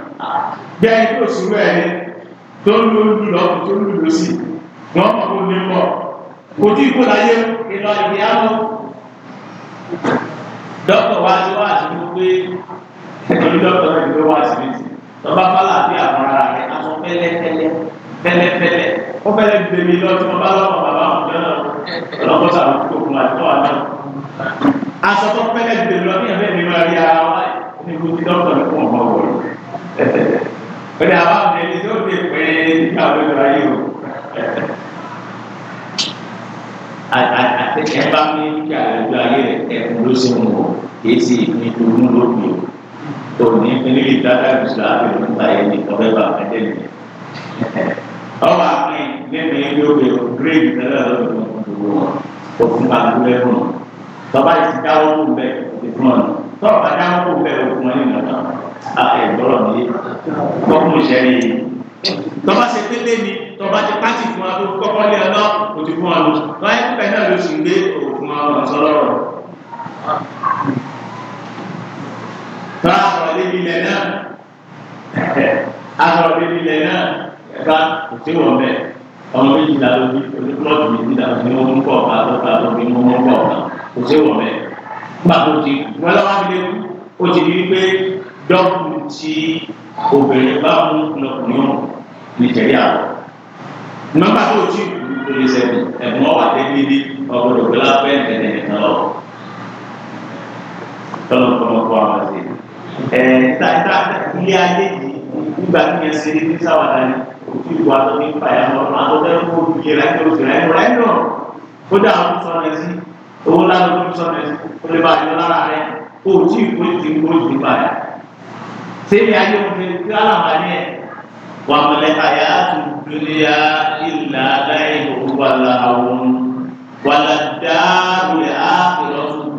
bẹ́ẹ̀ ni oṣù rẹ̀ ni tó ń lo lù lọ tó ń lù lọ sí wọn mọ̀ kó lè pọ̀ kò tí kó láyé ìlọ ìdí àmọ́ dọ́kítọ̀ wá sí wá sí ní pé ẹ̀tọ́jú dọ́kítọ̀ náà ti fẹ́ wá sí ní ti tọ́ba bálà bí àwọn ara rẹ̀ aṣọ pẹ́lẹ́pẹ́lẹ́ pẹ́lẹ́pẹ́lẹ́ ó fẹ́lẹ́ gbèmí lọ tí wọ́n bá lọ́wọ́ bàbá àwọn ọ̀dọ́ náà ọlọ́kọ́sà ló kó fún àjọ àná aṣọ tó pẹ́lẹ́ gbèmí lọ ní ẹ̀fẹ́ mi máa rí ara wa ní gbogbo dọ́kítọ̀ ní fún ọ̀pọ̀ wọ̀nyí ó ní àwọn àwọn ẹni tó lè pẹ́ nígbà tó lọ ayé o. àtẹ̀kẹ́ bá mi kí àlejò ayé ni ẹ̀kún ló sì mú o kì í sì ní ìdùnnú lóbi o. òní nílì dáadáa ìṣúná àbẹ̀rẹ̀ nípa ẹni ọ̀rẹ́ bá fẹ́ dẹ́nu. ọwọ́ àpín lẹ́nu ẹgbẹ́ òwe gírèdì tẹ́lẹ̀ lọ́dún òfin bá dúró lẹ́nu. bàbá yìí ti dáwọ́ fún bẹ́ẹ̀ òfin fún ọ tọ́ọ̀ bá dáwọ́ fún bẹ́ẹ̀ òfin wọn ní ìlànà àtẹ̀gbọ́rọ̀ ní kọ́kùn ìṣẹ́rí tọba ṣe pélé ni tọba ti pátì fún wa tó kọ́kọ́ lé ọlọ́ kò ti fún wa lò wọ́n yẹ pẹ́ náà ló sì gbé òfin wa lọ sọ́lọ́rọ̀ tọ́ àsọ̀rọ̀ débi ilẹ̀ náà àsọ̀rọ̀ débi ilẹ̀ náà ẹ̀ka kò sí wọ̀ bẹ́ẹ̀ ọmọ méjì la ló bí onípọ̀lọ́tì méjì la ló mú pọ̀ ọ̀gá ló ta ló fi mú pọ̀ ọ̀gá kò sí wọ̀ bẹ́ẹ̀ nígbà tó ti wọ́n lọ́wọ́ abilékú dọ́kùn tí obìnrin bá mú lọkùnrin ọ̀hún nìjẹ́ríà lọ. nọ́mbà tó ti kú lè sẹ́ni ẹ̀gbọ́n ọ̀wà dẹ́gbẹ́dẹ́ ọ̀gbọ̀dọ̀ gbẹ́lá bẹ́ẹ̀ tẹ̀lé nìkan lọ. tọ́lọ̀ kọ́mọ kọ́ àwọn àti ẹ̀ táyà ilé ayé yìí nígbà tí yẹn ṣe ní sáwàdà ni òfin ìwà tó ní pàyà lọ́nà àtọ́tẹ́rù kó yẹ láìpẹ́ òfin láìpẹ́ sẹ́yìn ayé òfin tí aláǹfààní ẹ̀ wà mọ̀lẹ́ àyà àtúndúnìyà ìlà láì lòun wà láwọn wàlá dáàbò yà á kìlọ̀ fún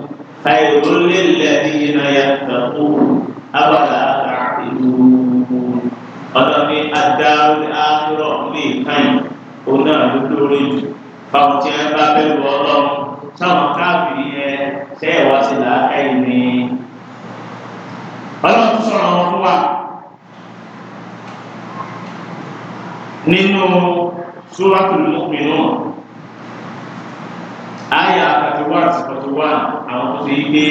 àìrò lélẹ̀ níyìnà yàtọ̀ fún abàlá àtàkìlú ọlọ́ni adáàbò yà á kìlọ̀ lè kàn ó náà ló lórí fáwọn tí wọn bá bẹ̀rù ọlọ́run táwọn káàbì yẹn sẹ́yìn wá sí làákàyè ní ọlọ́run sọ̀rọ̀ àwọn fún wa nínú suratul mu'minun àyà àtàtúwà àtàtúwà àwọn tó ti gbé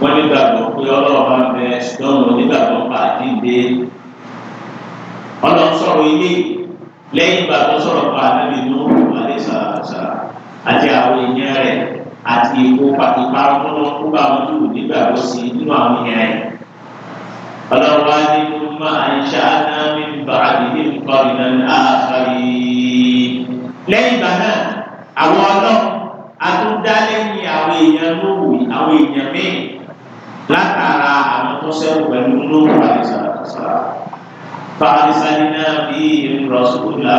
wọ́n nígbàgbọ́ pé ọlọ́run bá ń bẹ ṣùgbọ́n wọn nígbàgbọ́ bá dìde ọlọ́run sọ̀rọ̀ ilé lẹ́yìn ìgbà tó sọ̀rọ̀ bá nàbì nù alẹ́ àti àwọn èèyàn rẹ̀ àti èkó pàtìpá ọlọ́run kó bá wọn jù nígbàgbọ́ sí nínú àwọn ìyá ẹ̀. ọlọ́run wá ní kó máa ń ṣááná mi ń bá àdìdí nǹkan ìlànà àkàrí. lẹ́yìn ìgbà náà àwọn ọlọ́run atúndá lẹ́yìn àwọn èèyàn lówù àwọn èèyàn míì látara àwọn tó sẹ́wọ̀n pẹ̀lú lówù àdìsàlàsàlà. فأرسلنا فيهم رسولا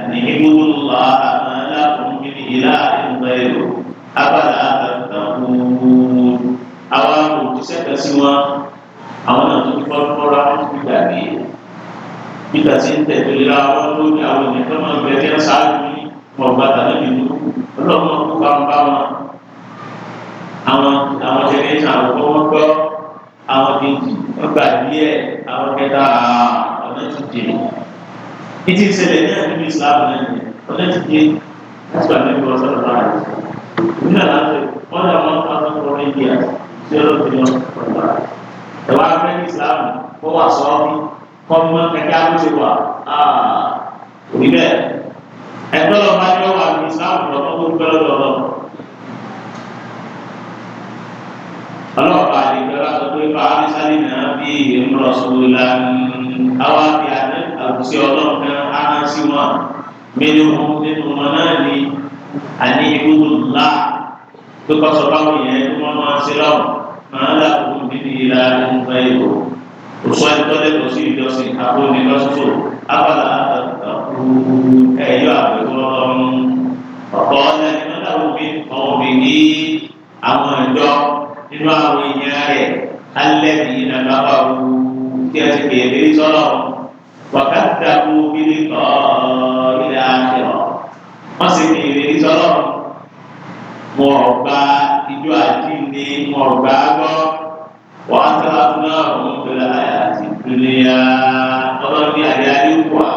أن اعبدوا الله ما لكم من إله غيره abala àtàkùn àwọn òṣìṣẹ́ kan sí wọn àwọn náà tó ti kọ́ lọ́ra níbi ìgbàgbé peter ti ń tẹ̀lé ra wọn tó ní àwọn ènìyàn tó máa ń bẹ̀rẹ̀ ní sáájú ní ọgbà tàbí ìlú ọlọ́run kó bá ń bá wọn àwọn àwọn jẹnẹrẹsì àwọn tó wọ́n gbọ́ àwọn kejì wọ́n gbà àwọn kẹta ọ̀nà ti dè ìdí ìṣẹ̀lẹ̀ ní àdúgbò islam náà ọ̀nà ti dè láti wà nínú ọ̀sán ọ̀la In the last one thousand India, hundred years, zero billion from that. The one friend Islam, who was sorry, common Kenya to ah, we there. And all of my love and Islam, not only fellow love. Ọlọ́pàá àdìgbẹ́lá sọ pé báwọn sáré náà bí ìmúlọ̀sọ̀rọ̀ lánàá àwọn àti àdé àbùsí ọlọ́ọ̀kan á sí wọn. Mẹ́lẹ̀ wọn nínú wọn náà ni Ani ìlú ńlá tó kọ́ sọ báwọn yẹn tó máa máa ṣe lọ́wọ́ máa ń là kó níbi ìlà ìgbà ìlú òṣùwọ̀n ìtọ́lẹ̀ kò sí ìjọsìn àbóni lọ́sọ̀tò abala ẹ̀yọ́ àbẹ̀wọ̀n ọ̀pọ̀ ọ̀nà ìmọ̀láwó mi ọ̀hún mi ní àwọn ẹ̀jọ́ nínú àwọn èèyàn rẹ̀ alẹ́ ní ìdàgbàwọ̀ kí ẹ ti pè é lórí sọ́lọ̀ wàkàtà kú bí lè kọ́ ilé àṣẹ wọ́n sì ní ìrírí tọ́lọ́ wọn ò gba ijó àdínní wọn ò gbà á gbọ́ wọ́n á tẹ́lá fún náà wọ́n fẹ́lẹ́ àyà àti ìpínlẹ̀ ọlọ́ọ̀dún àyà yóò wà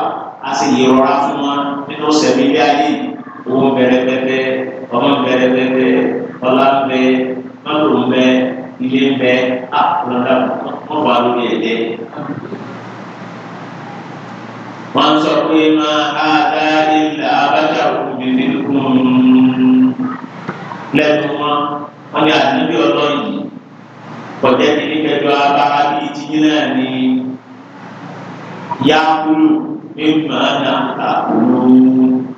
á sì yẹra fún wọn nínú sẹ̀mí ilé ayé owó bẹ̀rẹ̀ pẹ́pẹ́ ọmọ bẹ̀rẹ̀ pẹ́pẹ́ ọlá ń bẹ mọ́tò ń bẹ ilé ń bẹ àkùnrin wọn wà lórí ẹ̀dẹ́. wọ́n sọ pé máa á dá ilẹ̀ abájáwò. wọ́n ní àdínẹ́bí ọlọ́run yìí kọjá kí ní kẹjọ abára bíi ti yín náà ní yá kúrò mímọ́ náà àkúrò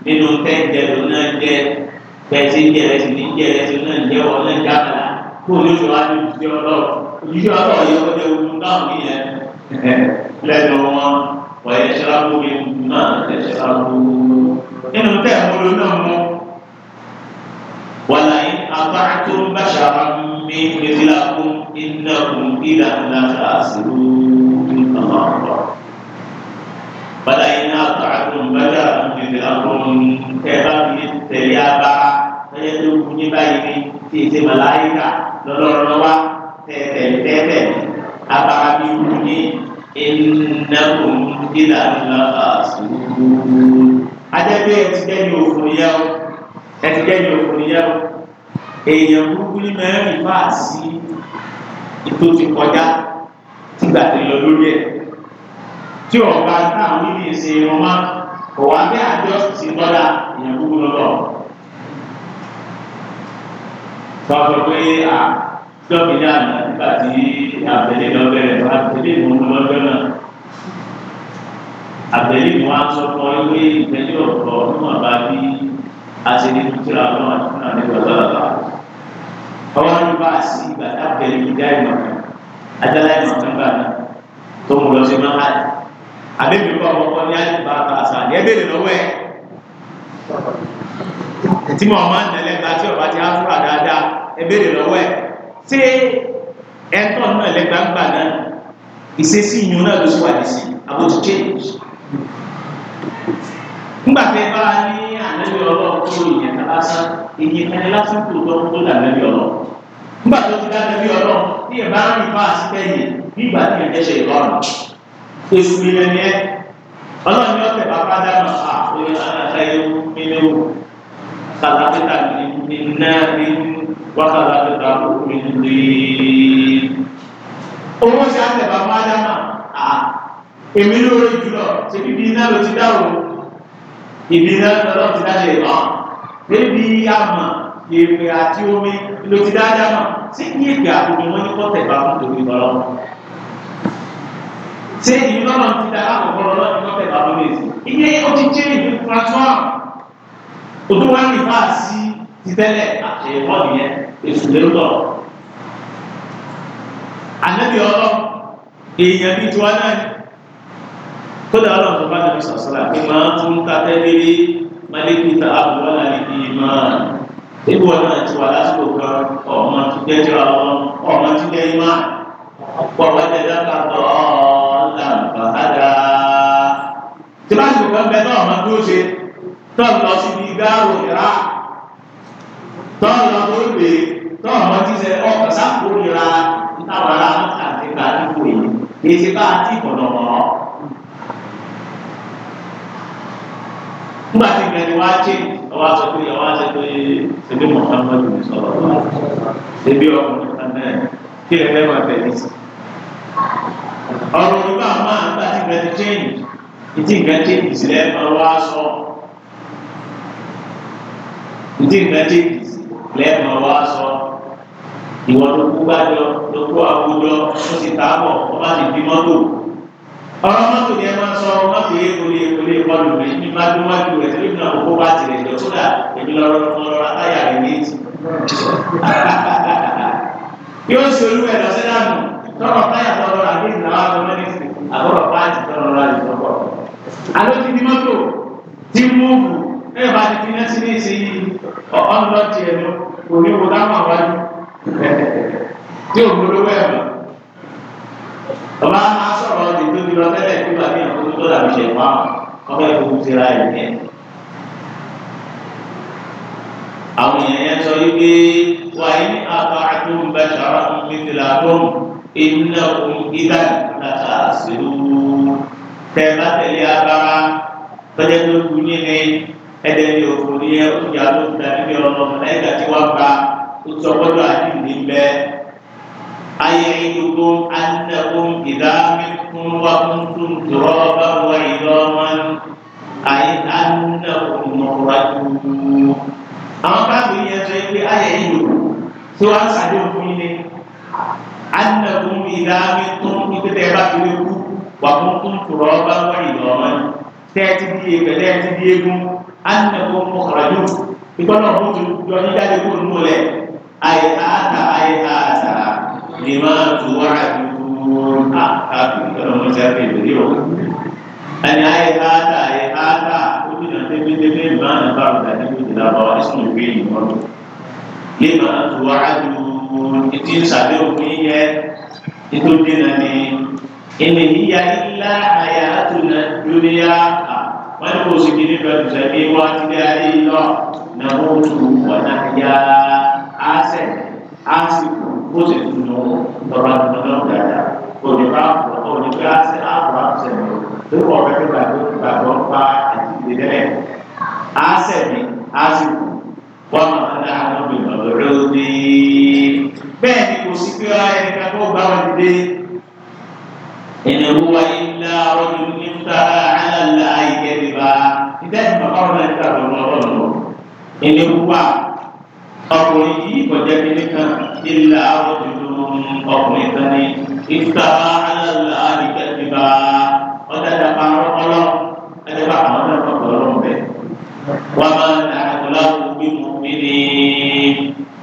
nínú tẹ́jẹ̀ ló náà jẹ́ bẹ́ẹ̀sì jẹ́rẹ̀sì ní jẹ́rẹ̀sì náà jẹ́ wọn náà dábàá kó olóṣù wa ní ìdílé ọlọ́run ìdílé ọlọ́run yẹ kó lè wù náà nìyẹn lẹ́nu wọn wọ́n yẹ ṣọ́ra kó mi náà lè kó nínú tẹ́ẹ̀ mọ́lò náà mọ́. أطعتم بشرا من مثلكم إنكم إذا لخاسرون الله أكبر فلئن أطعتم بشرا مثلكم كبر التيابا فيدعو كني بايني تيسي ملائكة لولورنوا تيتل تيتل أطعتم بيوني إنكم إذا لخاسرون أجل بيتكني وفنيا أتكني وفنيا èèyàn burúkú ní mẹ́rin bá a sí ètò ti kọjá tìgbà tí lọ lórí ẹ̀ tí ọba táwọn níbi ìsìn irun wá ọ̀wá bí àjọ ti tọ́lá èèyàn burúkú lọ́dọ̀ bàbá pé à jọ́bi ní àná nígbà tí àbẹ̀lẹ̀ lọ bẹ̀rẹ̀ wá àbẹ̀lẹ̀ mọ̀ ń lọ́jọ́ náà àbẹ̀lẹ̀ mọ̀ á sọ fún ọ ìgbẹ́jọ́ ọ̀rọ̀ níwọ̀n bá bí a ṣe ní kúkúrú àwọn àti fún àdéhùn ọ̀dọ́ àbá àwọn àdúgbò àti ìgbà tábìlì ìdá ìmọ̀ kan ajálá ìmọ̀ kan bá mi tó mú lọ sí máa hà ní. àbẹ́bí kọ́ ọmọ kan ní àdìbò àbá àṣà ní ẹgbẹ́ ìlú lọ́wọ́ ẹ̀. tí mo máa ń tẹ̀lé gba tí ọba ti á fúra dáadáa ẹgbẹ́ lọ́wọ́ ẹ̀. ṣé ẹ̀tọ́ náà lẹ́gbà gbà náà ìṣesí ìyún náà ló sì wà nísì àbò ti change. nígbà tí ẹ bá ní àlejò ọlọ́run tó ìyẹn tá lásán ìyẹn kan ní lásìkò tó ń tó dà lẹ́yìn ọlọ́run nígbà tó ti dáná bí ọlọ́run ní ìbá ń rìn fáà sí tẹ́yìn nígbà tí ẹ̀jẹ̀ ṣe ìlọrin èsù ilẹ̀ ni ẹ ọlọ́run ní ọ̀tẹ̀ bàbá dáná àfihàn àtàyẹ̀wò mímẹ́wò kàlàkítà nínú wákàlàkítà òkúrìndì. owó ṣe àtẹ̀ bàbá dáná à èmi lórí jùlọ ṣe bíbí iná ló ti dáwò ìbí iná lọ́dọ̀ ti dáṣe ìlọ níbi àmọ̀ èrè àti omi ló ti dá dáná tí ní èdè àbùkù wọn ní kọ́tẹ̀ bá fún tòun ìbọn lọ́wọ́ ṣé ìlú lọ́nà ti da àkọ́kọ́ lọ́wọ́ ní kọ́tẹ̀ bá fún èsì ìyẹn ó ti jẹ́ ìlú platform òtún wọn ní bá a sí ti tẹ́lẹ̀ àtẹ̀wọ́ nìyẹn èsù lérúkọ. ànábì ọlọ́ èèyàn bíi tiwa náà kódà ọlọ́run tó bá nàbí sọ̀sọ́lá pé máa tún ká tẹ́lẹ̀ málẹ́kùtà àbúrò àlè ìwọ náà ti wà lásìkò kan ọmọ ti gbẹ́jọ́ ọmọ ọmọ ti gbẹ́ ìmá ọ̀pọ̀ wẹ́tẹ̀ dákàtọ̀ ọ̀ọ́dà bàdà. tí lásìkò kan bẹ náà ọmọ tó ṣe tó ń lọ síbi gáàrò ìrà tó ń lọ tó lè tó ọmọ ti ṣe ọkàn sáàpò ìrà nítawọn ará àti ìgbà àdúgbò yìí kì í ṣe bá a ti ìbọ̀nà mọ́. nígbà tí ìgbẹ́ni wá jẹ́ ọwọ́ aṣọ pé ọwọ́ aṣọ pé ṣebí Muhammadu sọ̀rọ̀ wa ṣebí ọkùnrin kan náà kí ẹ fẹ́ máa bẹ̀rẹ̀ sí. ọ̀rọ̀ nígbà máa ń gbà tí nǹkan ti change ìtì nǹkan change sílẹ̀ máa wá sọ ìtì nǹkan change sílẹ̀ máa wá sọ ìwọ ló kú bá jọ ló kú àwùjọ ló ti tààbọ̀ ọba ti bí mọ́tò ọ̀rọ̀ mọ́tò ni ẹ máa sọ mọ́tò yẹ kò lè kò lè kọlù rẹ ní má ló wájú rẹ tó nà owó bá tirẹ̀ jọ sódà èmi lọ́rọ́ lọ́rọ́ atáyà rẹ ní ètì. yóò ṣe olú ẹ lọ sí dànù tọrọ táyà tọrọ àbí ìnáwó àwọn mẹ́rìndínlẹ́ àbọ̀rọ̀ páàtì tọrọ rà lọ́pọ̀. àló ti di mọ́tò ti múùbù ẹ bá ti fi nẹ́sí ní ìsìn yìí ọ̀hún lọ tiẹ̀ lọ kò ní wo táwọn àwájú tí ò lọ fẹ́rẹ̀ kí wà ní ìyàwó tó dàbí ṣe pa kọ́fẹ́ ìfowó ti ra ẹ̀ yẹn. àwọn èèyàn yẹn sọ yí pé wà ní abáàtò ń bá ṣàrà ń bí ti làbọ̀n iná òun gíga làtà sílù tẹ bá tẹ̀lé abára tọ́jẹ́ tó kú nílé ẹ̀dẹ̀ ní òfò ní ẹ̀ ó jà ló ń da níbi ọ̀nà mọ̀lẹ́gà tí wọ́n gba ó sọ gbọ́dọ̀ àdìrí bẹ́ẹ̀ ayé ìdógún anáwó ìdá mi ميتكم وكنتم ترابا وعظاما أي أنكم مخرجون àwọn káàkiri yẹn sọ pé ayé yìí lò tí wọn ṣàdé òfin ni anakun ìdáàbí tó ń pípé tẹ bá fi kú wà fún tó ń tòrọ bá wà ìlọ wọn tẹẹtì bí ebè tẹẹtì bí egun anakun mọkànlélọ ìgbọnà fún tó yọ ní jáde kó nù lẹ ayé àtà ayé àtà lè má tó wà kafin kalau mencapai beliau hanya ada ada itu nanti nanti mana baru tadi kita bawa ismu ini lima dua adun itu sahaja punya itu dia ini dia ilah ayatuna dunia wani kò sì kiri pẹ̀lú sẹ́mi wá ti dé ayé lọ nàmó tu wọ̀nà ya á sẹ̀ á sì kú tọ́ba tó lọ́wọ́ dáadáa onígbà onígbà sí àbúrò àbùsẹ̀mí lóko ọ̀rẹ́ tó gbàgbọ́ gbàgbọ́ pa àtìgbè lẹ́lẹ̀ àásẹ̀mí àásìkò wọn máa ń dá àwọn obìnrin lọ́dọ̀ lóde bẹ́ẹ̀ ni kò sí pé ẹni kan kó gbà wọn dìde ìnáwó wáyé ńlá ọdún nípa àlàlà ìkẹ́rìbá ìdájọ́ bàbá wọn náà ń gbàgbọ́ lọ́wọ́ lọ́wọ́ ìnáwó wá ọkùnrin yìí kọjá kí ní kan ìlà ọdún ọkùnrin kan ní ìgbàwá alálùlá àdìgbà ìgbà ọjà dàpá ọlọ ẹni bá àwọn ọjà dàpá ọlọ bẹ wọn máa ń dà àgùlá òbí mu mi ni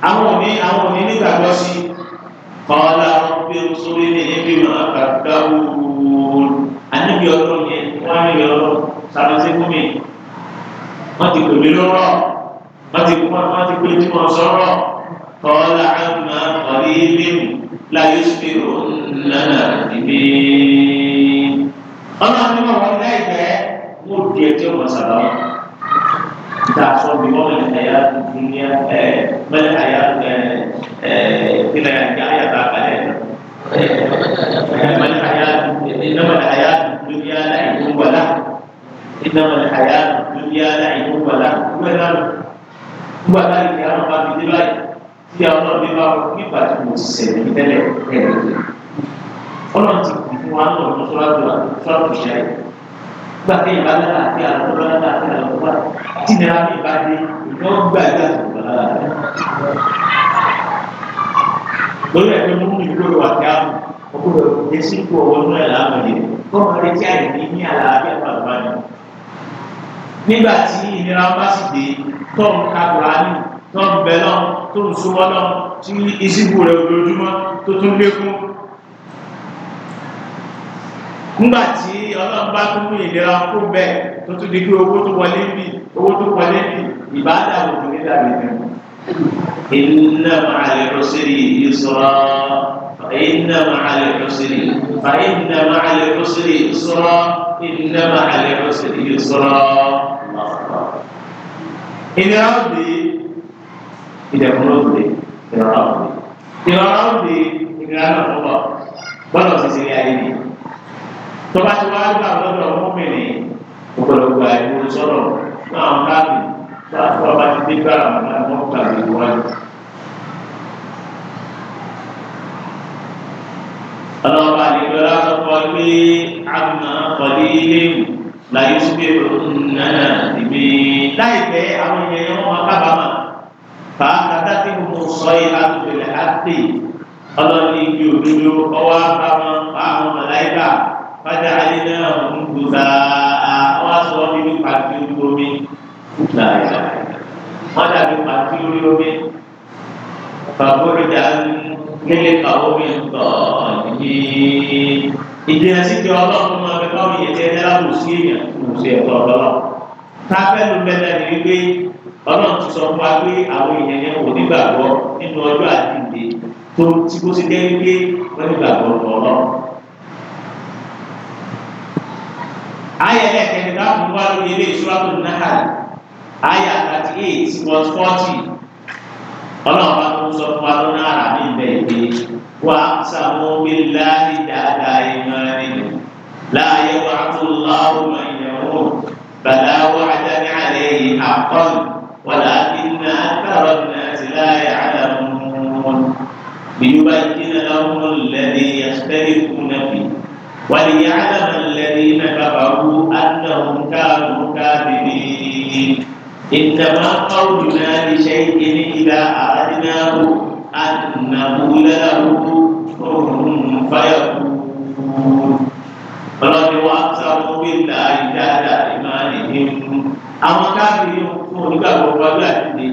àwọn òní àwọn òní nígbàgbọ́ sí kọ́lá ọ̀pẹ sórí ní ẹbí máa gbàgbà wúwúwú àníbi ọlọ́run yẹn wọ́n á níbi ọlọ́run sàlùsẹ́ fún mi wọ́n ti pè mí lọ́rọ̀ wọ́n ti pè tí wọ́n sọ̀rọ̀ kọ́lá àmà ọ̀rí mímu láyọ́sibírùn nánàdìmí. ọlọ́run ní wọn wọlé ẹgbẹ́ wọn di ẹjọ́ wọn sàlọ́. dàtọ́ bí wọ́n lè ẹ̀yà dúníà ẹ̀ mẹ́lẹ̀ àyà ẹ̀ ẹ̀ ìpínlẹ̀ àyà bá balẹ̀ mẹ́lẹ̀ àyà ìnáwọ̀lẹ̀ àyà dúníà láì tó wọlá ìnáwọ̀lẹ̀ àyà dúníà láì tó wọlá wọ́n náà wọ́n náà ìyá wọn bá fi dé báyìí tí ọlọ́run bí bá wọ nígbà tí mo ti sẹ̀lẹ̀ ní tẹ́lẹ̀ ẹ̀ẹ́dẹ̀gbẹ̀. ọlọ́run ti kù fún wa ń lọ fún sọ́láàtò sọ́láàtò ṣáì. nígbà tí ìbá lára àti àwọn ọlọ́lá àti àwọn ọlọ́lá tí nira mi bá dé ìjọ gbà ìgbà tó wà lára rẹ̀. lórí ẹ̀fẹ́ mú mi lórí wà kí á mú ọkùnrin òkùnrin sí ipò ọwọ́ inú ẹ̀ láàmúlẹ̀ kọ́mọ retí àìní ní àlàáfíà bàbá mi. nígbà tí ìnira bá sì dé tọ́ọ̀ ká tó ń bẹ náà tó ń súnmọ́ náà tí ìsìnkú rẹ̀ ojoojúmọ́ tó tún lékún nígbà tí ọlọ́run bá tún mú ìlera kó bẹ̀ tó tún di pé owó tó wọlé bì owó tó wọlé bì ìbáàdà òjò ní dàbí rẹ̀ inna ma'al usri yusra inna ma'al usri inna ma'al usri yusra inna ma'al usri yusra ìnira ó dé ìdẹ̀kùn ló dé ìrọ̀rọ̀ ó dé ìrọ̀rọ̀ ó dé ìgbéra náà fọ́ bọ̀ gbọ́dọ̀ sì sí ilé ayé ni tó bá ti wá gbà lọ́dọ̀ mọ́mìnì ọ̀pọ̀lọpọ̀ àìkú sọ̀rọ̀ náà ń bá mi bá tó bá ti dé gbára mọ́ àwọn ọ̀gá mi wáyé. ọlọ́ọ̀bá àdìgbọ́lá sọ fọ́ pé àmà kọ̀dí léwu láyé sùgbé òun nánà láìpẹ́ àwọn ènìyàn wọn kábàámà fàákàtàkì mú sọ́yìn àtúbẹ̀lẹ̀ àti ọlọ́ni ibi òdodo ọwọ́ àbámọ́ àwọn mọ̀láìkà fájà àyínà ńgbòdà àwọn aṣọ nínú pàtí orí omi láàyè wọ́n dàbí pàtí orí omi fàbóríjà nílé kàwọ́ mi tọ̀ yìí ìjìnlẹ̀ sí ti ọlọ́run máa bẹ báwọn yẹn ti ẹ̀dá lábòsí èèyàn kò sí ẹ̀kọ́ ọlọ́run tábẹ́lú ọlọ́run ti sọ fún wa pé àwọn èèyàn yẹn wò nígbàgbọ́ nínú ọjọ́ àdìgbé tó tí kò sí jẹ́ wípé wọ́n nígbàgbọ́ lọ́rọ́. ayẹyẹ kẹ̀kẹ́ dáhùn wá lórí ilé ìṣúra tó náà ayé àtàtì eight was forty ọlọ́run bá tó sọ fún wa ló náà rà ní ìbẹ̀ ìgbé wa sàmú bí láàyè dáadáa iná ni láàyè wàá tó láwùmọ̀ ìyàwó bàdá wàá dání àlẹ́ yìí àkọ́lù. ولكن أكثر الناس لا يعلمون ليبين لهم الذي يختلفون فيه وليعلم الذين كفروا أنهم كانوا كاذبين إنما قولنا لشيء إذا أردناه أن نقول له كن فيكون ولقد أقسموا بالله جهد إيمانهم àwọn káàkiri fún onígbàgbọ́ wájú àtìlẹ́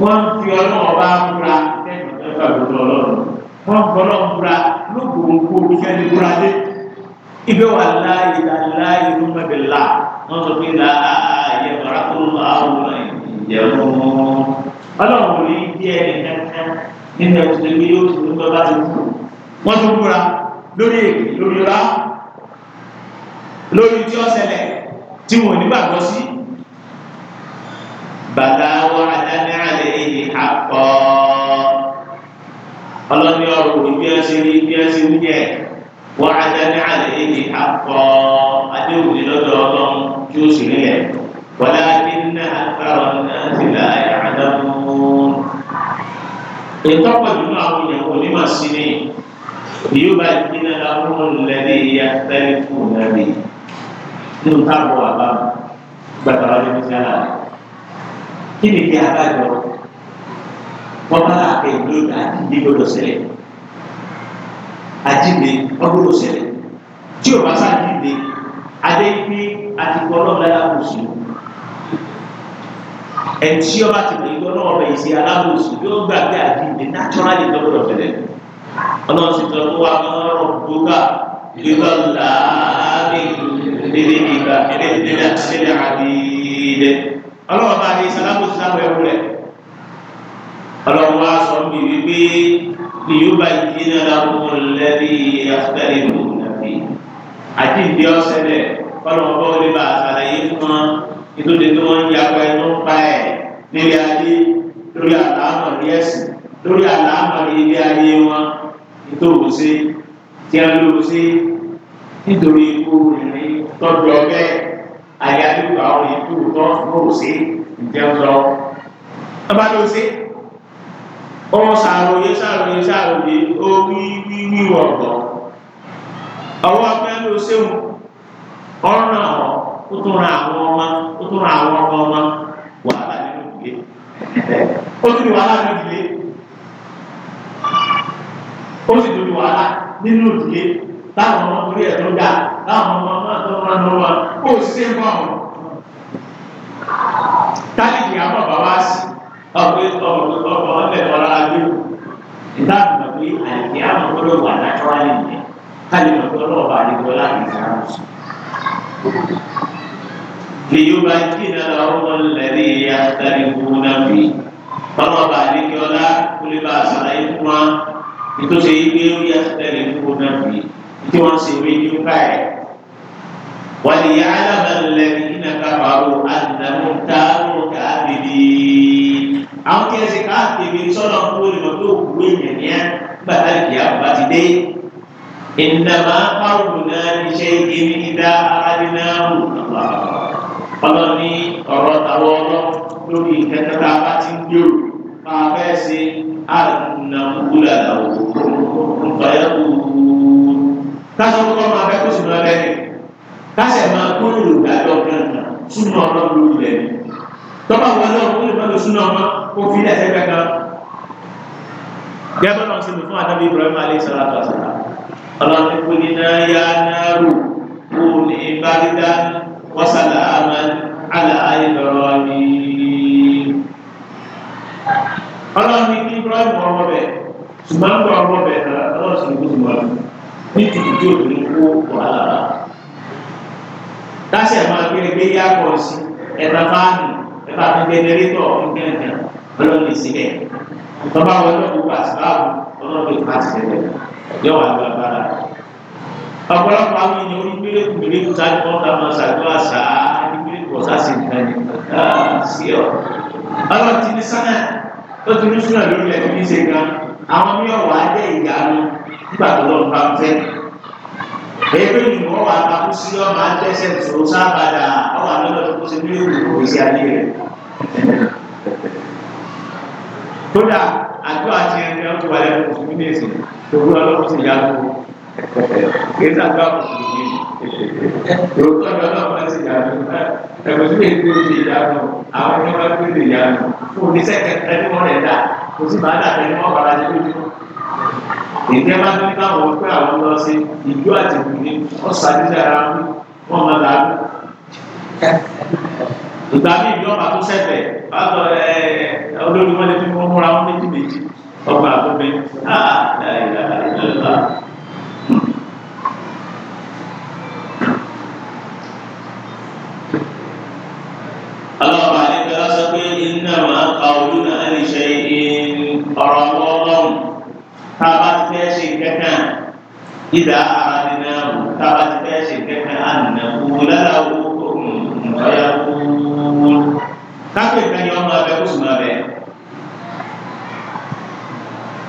wọ́n fi ọlọ́run ọba múra lẹ́yìn ọ̀dọ́fà gbogbo ọlọ́run wọ́n gbọ́dọ̀ múra lóògbòǹkò kẹ́ni múra dé ibẹ̀ wà láàyè láàyè ló mẹ́bẹ̀ là wọ́n sọ pé là á yẹ bàrà tó ń bá àwọn ìjẹun ọlọ́run ò ní bí ẹni kankan nínú ẹ̀kọ́ tó gbé yóò tún lọ́ba tó kù wọ́n tún múra lórí èké lórí rá lórí tí ó ṣẹlẹ̀ tí wọ́n nígbàgbọ́ sí bàtà wàdání àlẹ́ èyí àpọ̀ ọlọ́ni ọ̀rọ̀ òní bí ẹsẹ̀ rí bí ẹsẹ̀ rí yẹ wàdání àlẹ́ èyí àpọ̀ adéwòye lọ́dọ̀ ọlọ́run tí ó sì rílẹ̀ wàláàbí ní àtàrà náà ti là àdàmú. ìtọ́pọ̀ nínú àwọn èèyàn kò ní mà sí ni yóò bá dínà láwọn lẹ́dí ìyá tẹ́lifù nàbì nínú táàbù àbá gbàgbà wà ní ti àlàyé kí ni bí abájọ wọn bá àpè ní àjíǹde gbọ́dọ̀ ṣẹlẹ̀ àjíǹde wọn gbọ́dọ̀ ṣẹlẹ̀ tí o bá sáàjíǹde adé pé àtìkọ ọlọ́run alábòsí ẹtí ọba ti pè é ọlọ́run rẹ ìṣe alábòsí yóò gbà pé àjíǹde naturally gbọ́dọ̀ ṣẹlẹ̀ ọlọ́run sì tọ́ wá ọlọ́run gbóga gbégbá làákè lélẹ́gbẹ̀ẹ́ lélẹ́gbẹ̀ẹ́ àbí lẹ́gbẹ̀ẹ́ ọlọ́wọ́ bá ní sàlámù sàlámù ẹ̀rù rẹ̀ ọlọ́wọ́ aṣọ ń bì wípé ìyóba ìdíyẹ lọ́wọ́ lẹ́rí afẹ́rẹ́ ìlú nàbí àjíǹde ọ̀sẹ̀lẹ̀ kọ́lọ́wọ́ bá wọlé bá àtàlàyé fún wọn nítorí pé wọ́n ń yàgò ẹnu pa ẹ̀ nílé ayé lórí àlàámọ̀ rí ẹ̀sìn lórí àlàámọ̀ rí ilé ayé wọn nítorí sí tí a lóò sí nítorí ikú rìnrìn tọ́jú ọbẹ̀ ayélujára àwọn ètò tó lóò ṣe ìjẹun sọ ọba ló ṣe ọmọ sàròyé sàròyé sàròyé ó wí wí wí wọgbọ ọwọ́ abẹ ló ṣéun ọ̀rọ̀ náà ó tún ra àwọn ọmọ ó tún ra àwọn ọmọ ọmọ wàhálà nínú ìdílé ó tún ní wàhálà nínú ìdílé ó sì tún ní wàhálà nínú ìdílé táwọn ọmọ orí ẹ̀ tó dà táwọn ọmọ náà tó rán lọ wọn kó o ṣe mọ́ ọ. táyìkì àwọn bàbá sí ọ̀pẹ ọ̀pẹ ọ̀pọ̀ ọ̀lẹ̀ ọ̀rọ̀ ajé o. ìta àgbà pé àìkè àwọn ọmọdé wà lájọ́ ayé yẹn káyé lọ́dọ̀ ọlọ́ọ̀bà àdìgbò láti sára sùn. ليبين لهم الذي يختلفون فيه ọlọ́ba àdékẹ́ọ́lá kó lè bá àṣàlàyé fún wa nítorí pé ó yẹ àtẹ̀lé fún ọ náà fìyè tí wọ́n ṣe wí ní báyìí. wọ́n lè yá alábàlẹ̀ nínú kábàárò àdìdàmú dáàbò káàbìdì. àwọn kí ẹ ṣe káàkiri sọ́nà kúrò ní wọn tó kú èèyàn ní gbàtà ìyá bàbá ti dé. ìnàmà pàrọ̀ náà iṣẹ́ ìgbéni ìdá adínáwó ọlọ́ni ọ̀rọ̀ tàwọn ọlọ́ lórí ìtẹ́tẹ́ta bá ti ń gbèrò máa fẹ́ ṣe àdùnnà kúkúrà òkú kásán tó máa bẹ kó sì máa bẹ ní kásẹ̀ máa kó lòlò dájọ́ kankan súnmọ́ ọmọ lórí rẹ̀ ni tọ́ba wọn náà kó lè má lọ súnmọ́ ọmọ kó fi ilẹ̀ sẹ́gbẹ́ kan. gẹ́gẹ́ bá wọn ṣe lò fún àtàbí Ibrahim alayhi salatu wa salam ọlọ́run kò ní náà yá náà rò kó ní ìbárídá wọ́sàlá àmà àlàáyé lọ́rọ́ ni. ọlọ́run ní Ibrahim ọmọ bẹ̀ ṣùgbọ́n ọmọ bẹ̀ ọlọ́run sì ní kó ní tìlú tí òbí ń kó wàhálà bá. Dáṣẹ̀ máa gbé ẹgbẹ́ yá pọ̀ sí ẹ̀rọ fáànù ẹ̀fà tó jẹnẹrétọ̀ nǹkan ọlọ́ọ̀lì síbẹ̀. Bàbá wọn lọ́kọ̀ pàṣípààrọ̀ ọlọ́ọ̀lì pàṣípààrọ̀ yọ wà gbàgbára. Ọ̀pọ̀lọpọ̀ àwọn ènìyàn orí gbélébù gbélébù sáré wọn kà máa ṣàdúrà sáà ní gbélébù ọ̀sá ah, sí nǹkan ní sí ọ̀. Ọlọ́ọ̀tì ní sánà tó ti ní sùnà lórí ẹ̀ nígbà tó lọ́n bá fẹ́. Ebe ìmọ̀ wà takú sí ọmọ adẹ́sẹ̀ tó sábàdà ọwà lọ́dọ̀ tó kó ṣe ní ìlú òkèsí ayé rẹ̀. Kódà àjọ àti ẹni ọdún wà lẹ́nu oṣù mí nìyẹn tó gbé ọlọ́run sì yá lọ. Kéésì àjọ àkùnrin yìí. Lóòótọ́ ni ọlọ́run sì yá lọ. Ẹ̀gbọ́n tí èyí tó ti yá lọ, àwọn ẹni wọ́n tó ti yá lọ. Fún oníṣẹ́ kẹtẹ́ ní wọ́n rẹ̀ dà, kò sí màá dà tẹ́lẹ̀ wọ́n ìtẹ́ bá ní káwọn pé àwọn lọ sí ìlú àtìkù ní ọ̀sàdídà ara wọn wọn máa dà á ìgbà míì ìlú ọba tó sẹ̀fẹ̀ bàtọ̀ ẹ̀ olórí wọn lè fi wọn múra wọn méjì méjì ọgbà àbúmi áà ìlàlá ọlọ́pàá ní kí sọ pé iná máa ka olú náà ní ṣe ọ̀rọ̀ tába ti fẹ́ ṣe kankan ìdá ara nínú ẹ̀rù tába ti fẹ́ ṣe kankan ànínà owó lára owó tó ń ọ̀yà owó. kápẹ́ ìkànnì ọmọ abẹ kó sùn abẹ.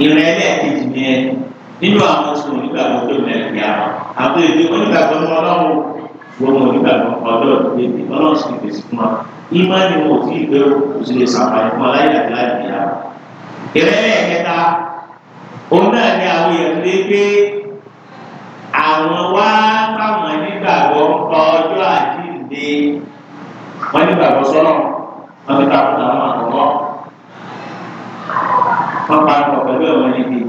ìrẹ̀lẹ̀ kejì ni ẹ nínú àwọn tí wọn nígbàgbọ́ tó ń lẹ́yìn àwọn àti èdè onígbàgbọ́ ní ọlọ́run wọn ò nígbàgbọ́ ọdọ́ ìdílé ọlọ́run sì fèsì fún wa ìmọ̀ ni wọn ò tí ì gbé òṣèlè sàpàdé fún aláìyàgbé láìpẹ́ yàrá. ìrẹ̀lẹ̀ kẹta òun náà ni àwọn èèyàn lé pé àwọn wá káwọn nígbàgbọ́ pa ọjọ́ àjíǹde wọ́n nígbàgbọ́ sọ́nà wọ́n ti takùn àwọn àkọ́kọ́ wọ́n pa ọkọ̀ pẹ̀lú ẹ̀wọ̀n níbi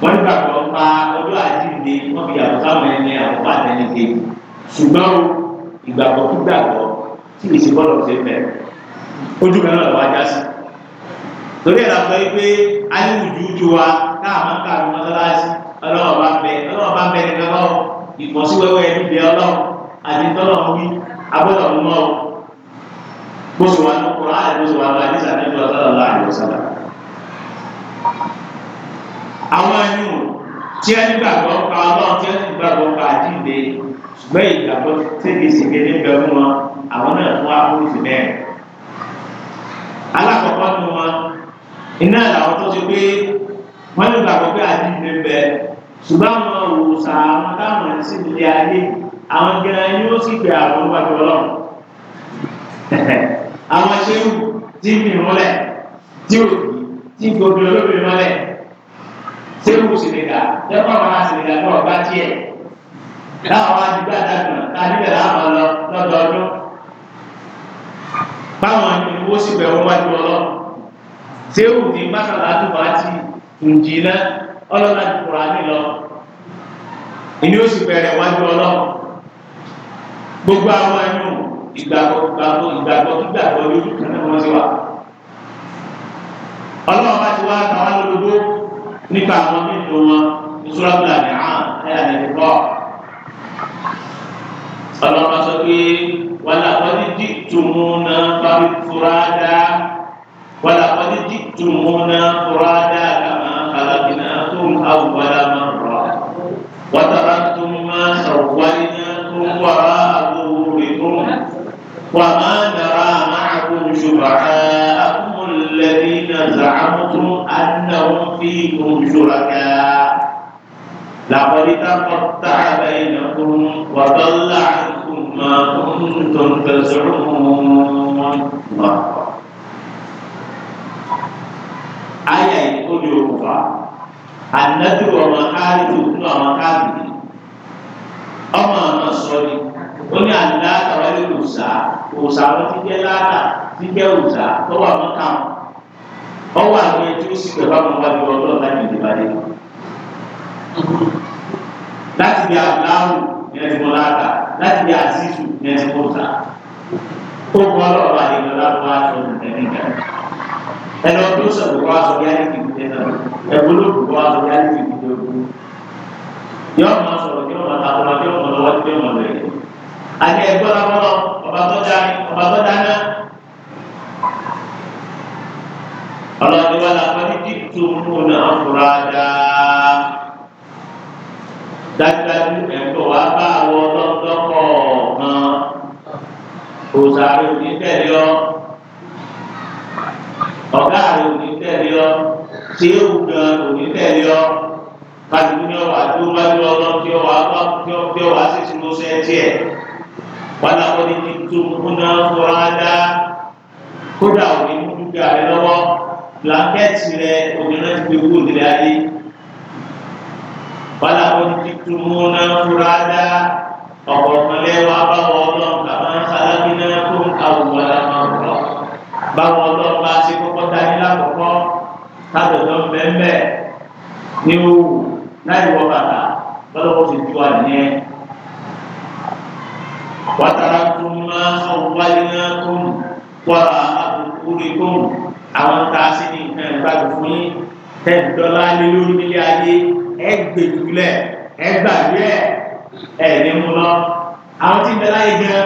wọ́n nígbàgbọ́ pa ọjọ́ àjíǹde wọ́n fi yàgò káwọn ẹni àkọ́kọ́ àtẹnìkè ṣùgbọ́n ìgbàgbọ́ kí gbàgbọ́ tí kì í ṣe bọ́ọ̀lù ṣe fẹ́ ojú mẹ́rin lọ́wọ́ ajá torí ẹ̀ la sọ ayélujú wa káàmọ́ káàmọ́ mọ́sálásí ọlọ́wọ́ bá bẹ ọlọ́wọ́ bá bẹ nìkan lọ́wọ́ ìkọ̀síwẹ́wẹ́ níbi ọlọ́wọ́ àti tọ́lọ́wọ́ wí agbọ́dọ̀ mú mọ́ ọ gbósò wa kóra ayé gbósò wa lọ àdìsá ní ìjọba sọlá lọ àdìsá sọlá. àwọn ẹni wò tí ẹni gbàgbọ́ pa ọlọ́run tí ẹni gbàgbọ́ pa àdìdè ṣùgbọ́n ìgbàgbọ́ ségesège níbẹ̀ fún wọn àwọn náà fún akóso bẹ́ẹ̀ iná làwọn tó ṣe pé wọ́n lè gbàgbọ́ pé àdìgbẹ́ bẹ ṣùgbọ́n àwọn òòsà àwọn táwọn ẹ̀ sì nílé ayé àwọn gẹ̀rẹ́ ni ó sì gbé àwọn wájú ọlọ́run [laughs] àwọn ṣéwù tí mi múlẹ̀ tí ò tí gbogbo olóbìnrin mọ́lẹ̀ ṣéwù sìnìkà lẹ́kọ̀ọ́ àwọn sìnìkà tó ọba tiẹ̀ láwọn adigun àdàgbọ̀n tàbíbẹ̀ láwọn lọ lọ́dọọdún báwọn ìwọ sì wájú ọlọ́run zéwù ní mọ́sálà àdúgbò àti ǹjìnà ọlọ́lá ti kura ní lọ ìní ó sì bẹ̀rẹ̀ wájú ọlọ́ gbogbo àwọn ẹnu ìgbàgbọ́ ìgbàgbọ́ ìgbàgbọ́ gbígbàgbọ́ lójú kan náà wọ́n ti wà ọlọ́run bá ti wá àtàwọn olódó nípa àwọn nínú wọn ìṣúrọ́gbìlà ní àwọn ẹ̀yà lè kọ́ ọlọ́run sọ pé wàlá wọ́n ti dì tùmù náà bá fi fura dáa. ولقد جئتمونا فرادا كما خلقناكم أول مرة وتركتم ما سويناكم وراء ظهوركم وما نرى معكم شفعاءكم الذين زعمتم أنهم فيكم شركاء لقد تقطع بينكم وضل عنكم ما كنتم تزعمون الله kúfà ànájú ọmọ káàdì òkúlọ ọmọ káàdì ọmọ ọmọ sọrí ó ní àdá àtàwárí òòsà òòsà wọn ti jẹ láàdà ti jẹ òòsà tó wà mọ káwọn ọwọ́ àwọn ẹni tí ó sì pẹ̀lú àwọn ọmọdé ọlọ́run láti ìdìbò adé láti bí aláwù ní ẹni mọ láàdà láti bí àzízù ní ẹni mọ òòsà ó mọ ọlọ́run àdéhùn lábọ àtọ nìkan nìkan ẹni ọdún sọ̀rọ̀ kọ́ aṣọ bí alẹ́ kìí dé náà ẹ̀bùn ló kù kọ́ aṣọ bí alẹ́ kìí dé ogun yọ ọmọ sọ̀rọ̀ yọ ọmọ àtọ̀rọ̀ yọ ọmọ lọ́wọ́ yọ ọmọ lẹ́yìn àti ẹgbẹ́ ọlọ́wọ́ ọba tó dání ọba tó dáná ọlọ́dún wa la wọ́n ti tó mú náà fúra dáa dájúdájú ẹ̀kọ́ wa bá àwọn ọlọ́dún kọ̀ọ̀kan ní tẹ̀lé ọ́ ọ̀gá rẹ̀ ò ní tẹ̀lé ọ tí ó wù gan ò ní tẹ̀lé ọ pàtàkì ní ọwà tó bá ní ọ lọ kí ọwà bá kí ọwà sì ti mú sẹ́ tiẹ̀ wọn làwọn ní kí tó múná fọlá dá kódà ò ní mú dúkìá rẹ lọ́wọ́ blanketi rẹ obìnrin ti fi wú òdìrẹ ayé wọn làwọn ní kí tó múná fọlá dá ọ̀pọ̀ ọ̀pọ̀ lẹ́wọ̀ abáwọ̀ ọlọ́run kàmá sálábínà fún àwùwọ̀ làwọn báwọn ọlọ́run bá ṣe kọ́kọ́ dání lákọ̀ọ́kọ́ tábìlì ọ̀bẹ̀ẹ̀bẹ̀ ní òwú láì wọ bàtà lọ́dọ̀kọ́ ti ju àníyẹ. wàtàrà tó máa sọ̀rọ̀ wáyé náà tó ń wàrà àbùkúrí tó ń àwọn tá a sì ní nǹkan ìgbàgbọ́ fún yín tẹ̀ ń dọ́là lé lórí nílé ayé ẹ̀ gbèdúlẹ̀ ẹ̀ gbàgbé ẹ̀ ẹ̀ ní mú lọ. àwọn tí ń bẹ láyé gan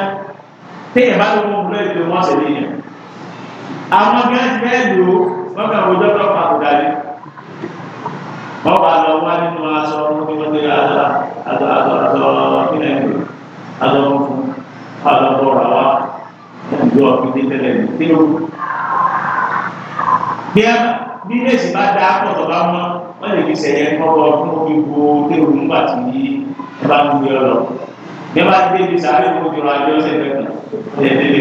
téèyàn bá ló mú un lórí pé wọ́n ṣe lè yàn àwọn gẹ́gẹ́ ti fẹ́ lò ó wọ́n fẹ́ wọ́n dọ́kọ̀ pàtó dání wọ́n bá lọ wá nínú aṣọ onímọ̀tò àtọ̀ àtọ̀ àtọ̀ kílẹ̀ ń lò àtọ̀ fún àtọ̀ bọ̀rọ̀ wa ìlú ọ̀fíìdì tẹ̀lé ní kílò. bí ẹ bí lèsì bá dá pọ̀tọ̀ bá mọ́ wọ́n lè fi sẹ̀yẹ kọ́kọ́ fún omi wo kéwù nígbà tí ẹ bá ń gbé ọ bí ẹ bá ti dé ibi sàárè kó jọra ẹjọ́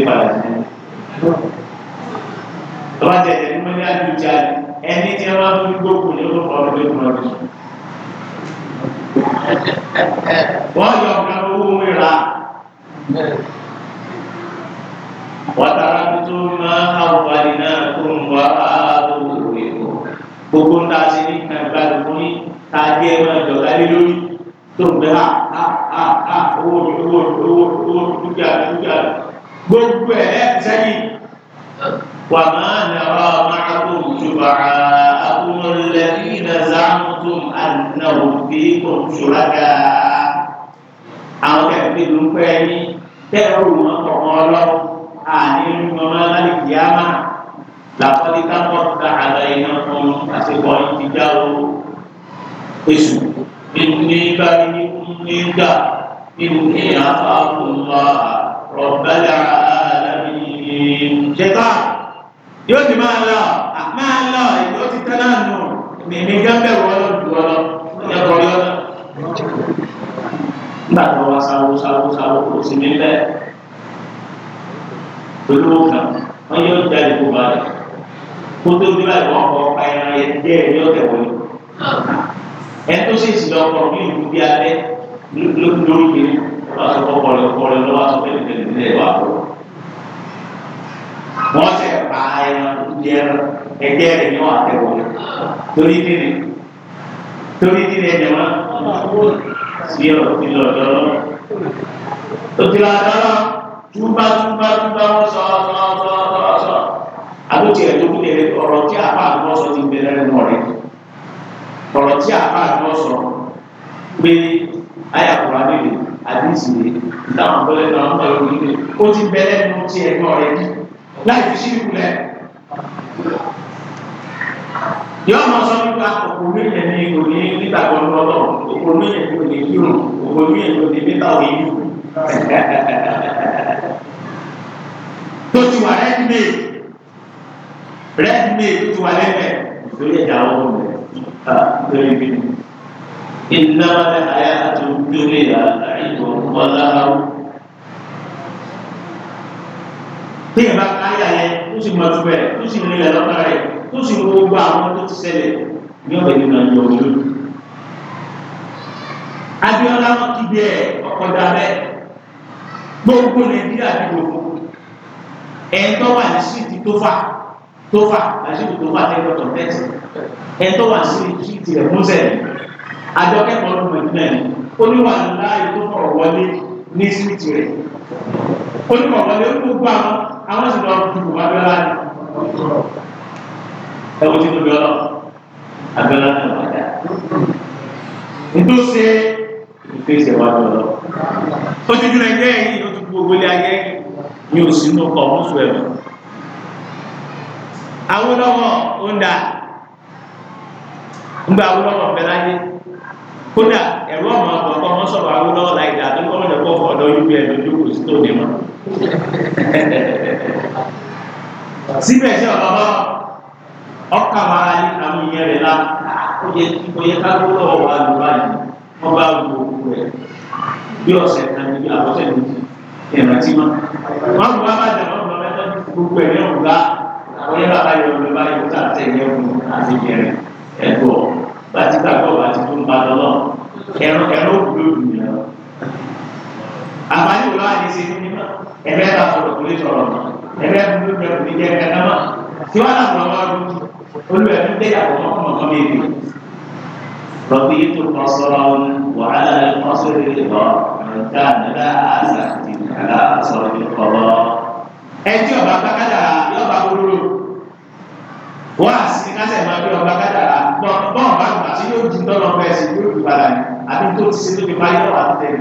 kan ẹ̀ tọ́ba tẹ̀lé ní mọ́lẹ́ àdúgbò ẹni tí wọ́n á fún gbogbo ní ó fọ́ ọdún tó máa dùn. wọ́n yọ ọ̀gá owó ìra wọ́n tara tó máa àwòrán ní náà tó ń wá àbúrò ìbò gbogbo ń ta sí ní kàgbàdo fún yín ta dé ẹ máa jọ̀gá lé lórí tó ń bẹ ha ha ha ha owó owó owó owó dúkìá dúkìá gbogbo ẹ̀ ẹ́ sẹ́yìn. وما نرى معكم شفعاءكم الذين زعمتم أنهم فيكم شركاء àwọn kẹfì ló ń pẹ ní tẹ́rù wọn kọ̀ọ̀kan ọlọ́run àní wọn máa láti kíámà làkọ́lé kápọ̀ ta àlọ́ iná fún àsìkò ìdíjà o èṣù ní báyìí ní nígbà nínú ìyá fáwọn ọmọ yóò ti máa lọ máa lọ ìgbó ti tẹ́ náà nù mímí gẹ́gẹ́ wọlé wọlé ẹ̀kọ́ yọ náà. nígbà tó wá sáwó sáwó sáwó kò sí nílẹ̀ olówó kan wọ́n yóò jẹ́ ìlú balẹ̀ kó tó bí wàá ìwọ̀n kọ́ ọ̀pá ẹran yẹn díẹ̀ ní ọ̀tẹ̀ wọlé. ẹ̀ tó sì sì lọ́kọ̀ bí ìlú bí alẹ́ lórí mi ọ̀sọ̀ kọ́ kọ́lẹ̀ kọ́lẹ̀ lọ́wọ́ sọ wọ́n e sì pa ẹran jẹ ẹgbẹ́ rẹ̀ ní wọ́n àtẹ̀wọ̀ torí kíni torí kíni ẹ̀jẹ̀ wọn sí ọ̀rọ̀ tí lọ lọ́rọ́ tó ti la lọ́rọ́ túbá túbá túbá wọ́n sọ sọ sọ sọ sọ àbótí ẹ̀ tó kúlẹ̀ ọ̀rọ̀ tí àpá àgbọ̀ sọ ti bẹ̀rẹ̀ nù ọ̀rẹ́ ọ̀rọ̀ tí àpá àgbọ̀ sọ pé ayàkùrọ̀ àbẹ̀lẹ̀ àdìsí ìdáhùn bọ́lẹ̀ náà ń bọ̀ lórí ó ti bẹ̀rẹ̀ nù tí ẹ̀gbọ́n rẹ̀ bíi láì fi ṣírí kulẹ̀. yọ ọmọ sọ nípa òkúrú yẹn ní òní nígbàgbọ́ lọ́dọ̀ òkúrú yẹn ní òní kírun òkúrú yẹn ní òní nígbà òní yù. tó ti wà rẹ́dímẹ̀ rẹ́dímẹ̀ tó ti wà lẹ́fẹ̀ lórí ẹ̀dá ọ̀hún rẹ̀ lórí bí. ìnáwó ayé àti ojúlé àìmọ̀ wọ́n lára wọn. bí ẹ bá káyà yẹn tó sì mọ jùlọ ẹ tó sì nílẹ̀ lọ́kàn rẹ̀ tó sì mú gbogbo àwọn tó ti ṣẹlẹ̀ ní ọ̀rẹ́ nínú ẹ̀yọ òjò. Abíọ́lá wọn ti bí ẹ ọkọ̀ dà bẹ́ gbogbo Nàìjíríà ti gbogbo ẹ̀ńtọ́ wà ní síìtì tó fà tó fà lásìkò tó fà tẹ́gbọ̀tọ̀ tẹ́sí ẹ̀ńtọ́ wà sí síìtì rẹ̀ múnsẹ̀ àjọkẹ́kọ̀ọ́ ló mọ̀ nílẹ̀ oníwà àwọn sì lọ dùkú abẹ́lá ni ẹ̀wọ́n ti tóbi ọlọ́ abẹ́lá ni ọ̀gá dá ntòsí ìfèsì ẹ̀wọ́n àti ọlọ́ ó ti dúró ẹgbẹ́ yìí ó ti kú owó lé ayé ní òsì inú ọkọ̀ ọ̀húnṣù ẹ̀mọ́ Awólọ́wọ̀ ó ń dà ńgbà Awólọ́wọ̀ bẹ́ẹ̀ láyé kódà ẹ̀rọ ọ̀mọ̀ ọ̀kọ̀ ọmọ sọ̀rọ̀ Awólọ́wọ̀ láì dà tó kọ́ ọ̀dọ̀ kọ́ ọ̀dọ̀ yóò bí ẹ̀ lójú kò sí tó ní mọ́ síbẹ̀ ṣe ọ̀rọ̀ bá ọkà máa yí àwọn ìyẹn rẹ̀ la ó yẹ ó yẹ ká ló lọ́wọ́ lù báyìí wọ́n bá wo òkú rẹ̀ bí ọ̀sẹ̀ kan níbi àbọ̀sẹ̀ méjì ìrántí mọ́. wọ́n bu abájà wọn bọ̀ mẹ́tọ́ gbogbo ẹ̀ ní ọ̀gá àwọn yẹn bàbá yọ ọ̀gbẹ́ báyìí ó tàbí tẹ̀lé ọ̀gbìn àti ìyẹrẹ ẹ̀gbọ́ bàtí gbàgbọ́ bàtí tó ń ba lọ́lọ́ ẹ̀rọ ẹ̀rọ òkú àbáyé wò láàyè ṣe fún mímọ́ ẹgbẹ́ ta sọ̀rọ̀ kò lè sọ̀rọ̀ mọ́ ẹgbẹ́ tó ló bẹ kò ní jẹ́ ẹgbẹ́ náà mọ́ tí wọ́n náà sọ̀rọ̀ máa dùn olùwẹ̀ ń dé yàtọ̀ mọ́ fún ọ̀kan bíi rọ̀bì tó kọ́ sọ́ra òun wàhálà rẹ̀ kọ́ sórí ìlọ ẹ̀dá nílá àṣà ti kàlà sọ̀rọ̀ ní kọ́lọ́. ẹ tí ọba kákàdà yọba kúrò wá sí kásẹ̀ máa bí ọba kádàrà bọ́ọ̀ bá gbà tí yóò di tọ́lọ́ bẹ́ẹ̀ sí yóò di padà ní àbí tó ti ṣe tó fi parí ọ̀rọ̀ àti tẹ̀lé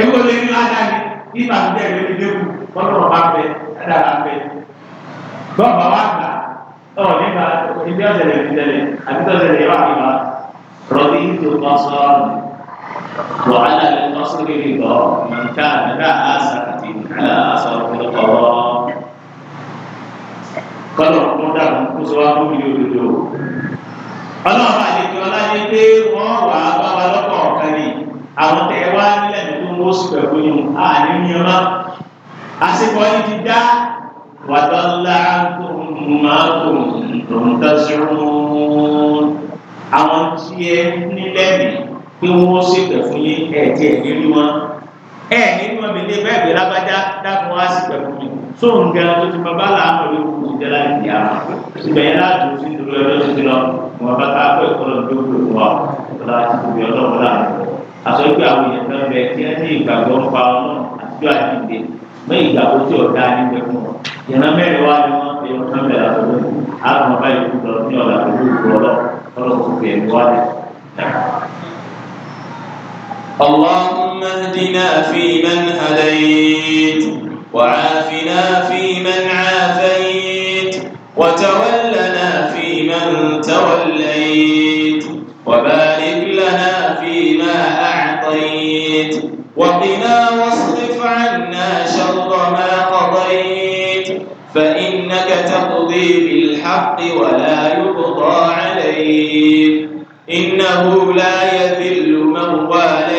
ẹ̀kọ́ lè ní ládàá ní ìbànújẹ́ rẹ̀ ní léwu bọ́lá ọba bẹ dára bẹ bọ́ọ̀bà wa gbà ọ̀ nígbà ibi ọ̀sẹ̀lẹ̀ ìdílẹ̀ àti ọ̀sẹ̀lẹ̀ yọ̀ àgbà rọ̀bì tó kọ́ sọ́ọ̀rù wọ́n á lálẹ́ kọ́ sórí ìbọ̀ nǹka àdúrà àṣàkàtì àlà àṣàkùnrin kọ̀ọ̀ kọ́lọ̀ kún dàrú kó sọ wá fún mi ní òdodo ọlọ́run àdìgbò ọlá àwọn tẹ wá nílẹ̀ tó ń wọ́n sùpẹ̀ fún yìí a ní ní ọmọ àsìkò yìí ti dá wàdọ́lá tó máa tó tó ń tẹ̀síwò àwọn tí ẹ nílẹ̀ ní pé wọ́n sùpẹ̀ fún yìí ẹ̀ tí ẹ̀ nílùú wọn ẹ̀ nílùú wọn bìíní bẹ́ẹ̀ bí lágbájá dákun wá sùpẹ̀ fún mi tó ń ga tó ti bàbá làwọn ọmọ yòókù ti dẹ́la ìyá síbẹ̀ yẹn láti òfin dúró ẹ̀rọ ti lọ wọn bá ká pẹ́ kọ́ lọ́dún tó láti dúró ẹ̀rọ wọn láti àsọ̀yìnbó àwọn èèyàn náà bẹ tí wọ́n ní ìgbàgbọ́ ń pa ọlọ́run àti àdìgbè mọ ìgbàgbọ́ tí ọ̀dà ní pẹ̀lú wọn ìran mẹ́rin wá ni igbagbo n pa olorun ati adigbe mo igbagbo ti oda ni fun won iran merin wa ni won fi ọkàn bẹ̀rẹ̀ àtọ̀dọ̀ àwọn ọba yìí kúrò ní ọ̀dà pẹ̀lú ọlọ́ ọlọ́run fi ẹ̀mí wá lẹ̀. اللهم اهدنا فيمن هديت وعافنا فيمن عافيت وتولنا فيمن توليت وبارك أعطيت وقنا واصرف عنا شر ما قضيت فإنك تقضي بالحق ولا يقضى عليك إنه لا يذل من والى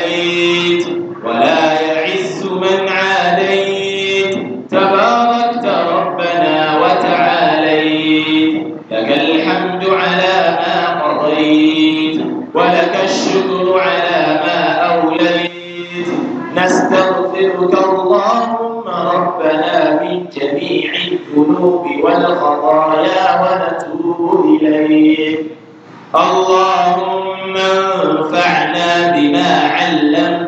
نستغفرك اللهم ربنا من جميع الذنوب والخطايا ونتوب إليك اللهم انفعنا بما علمتنا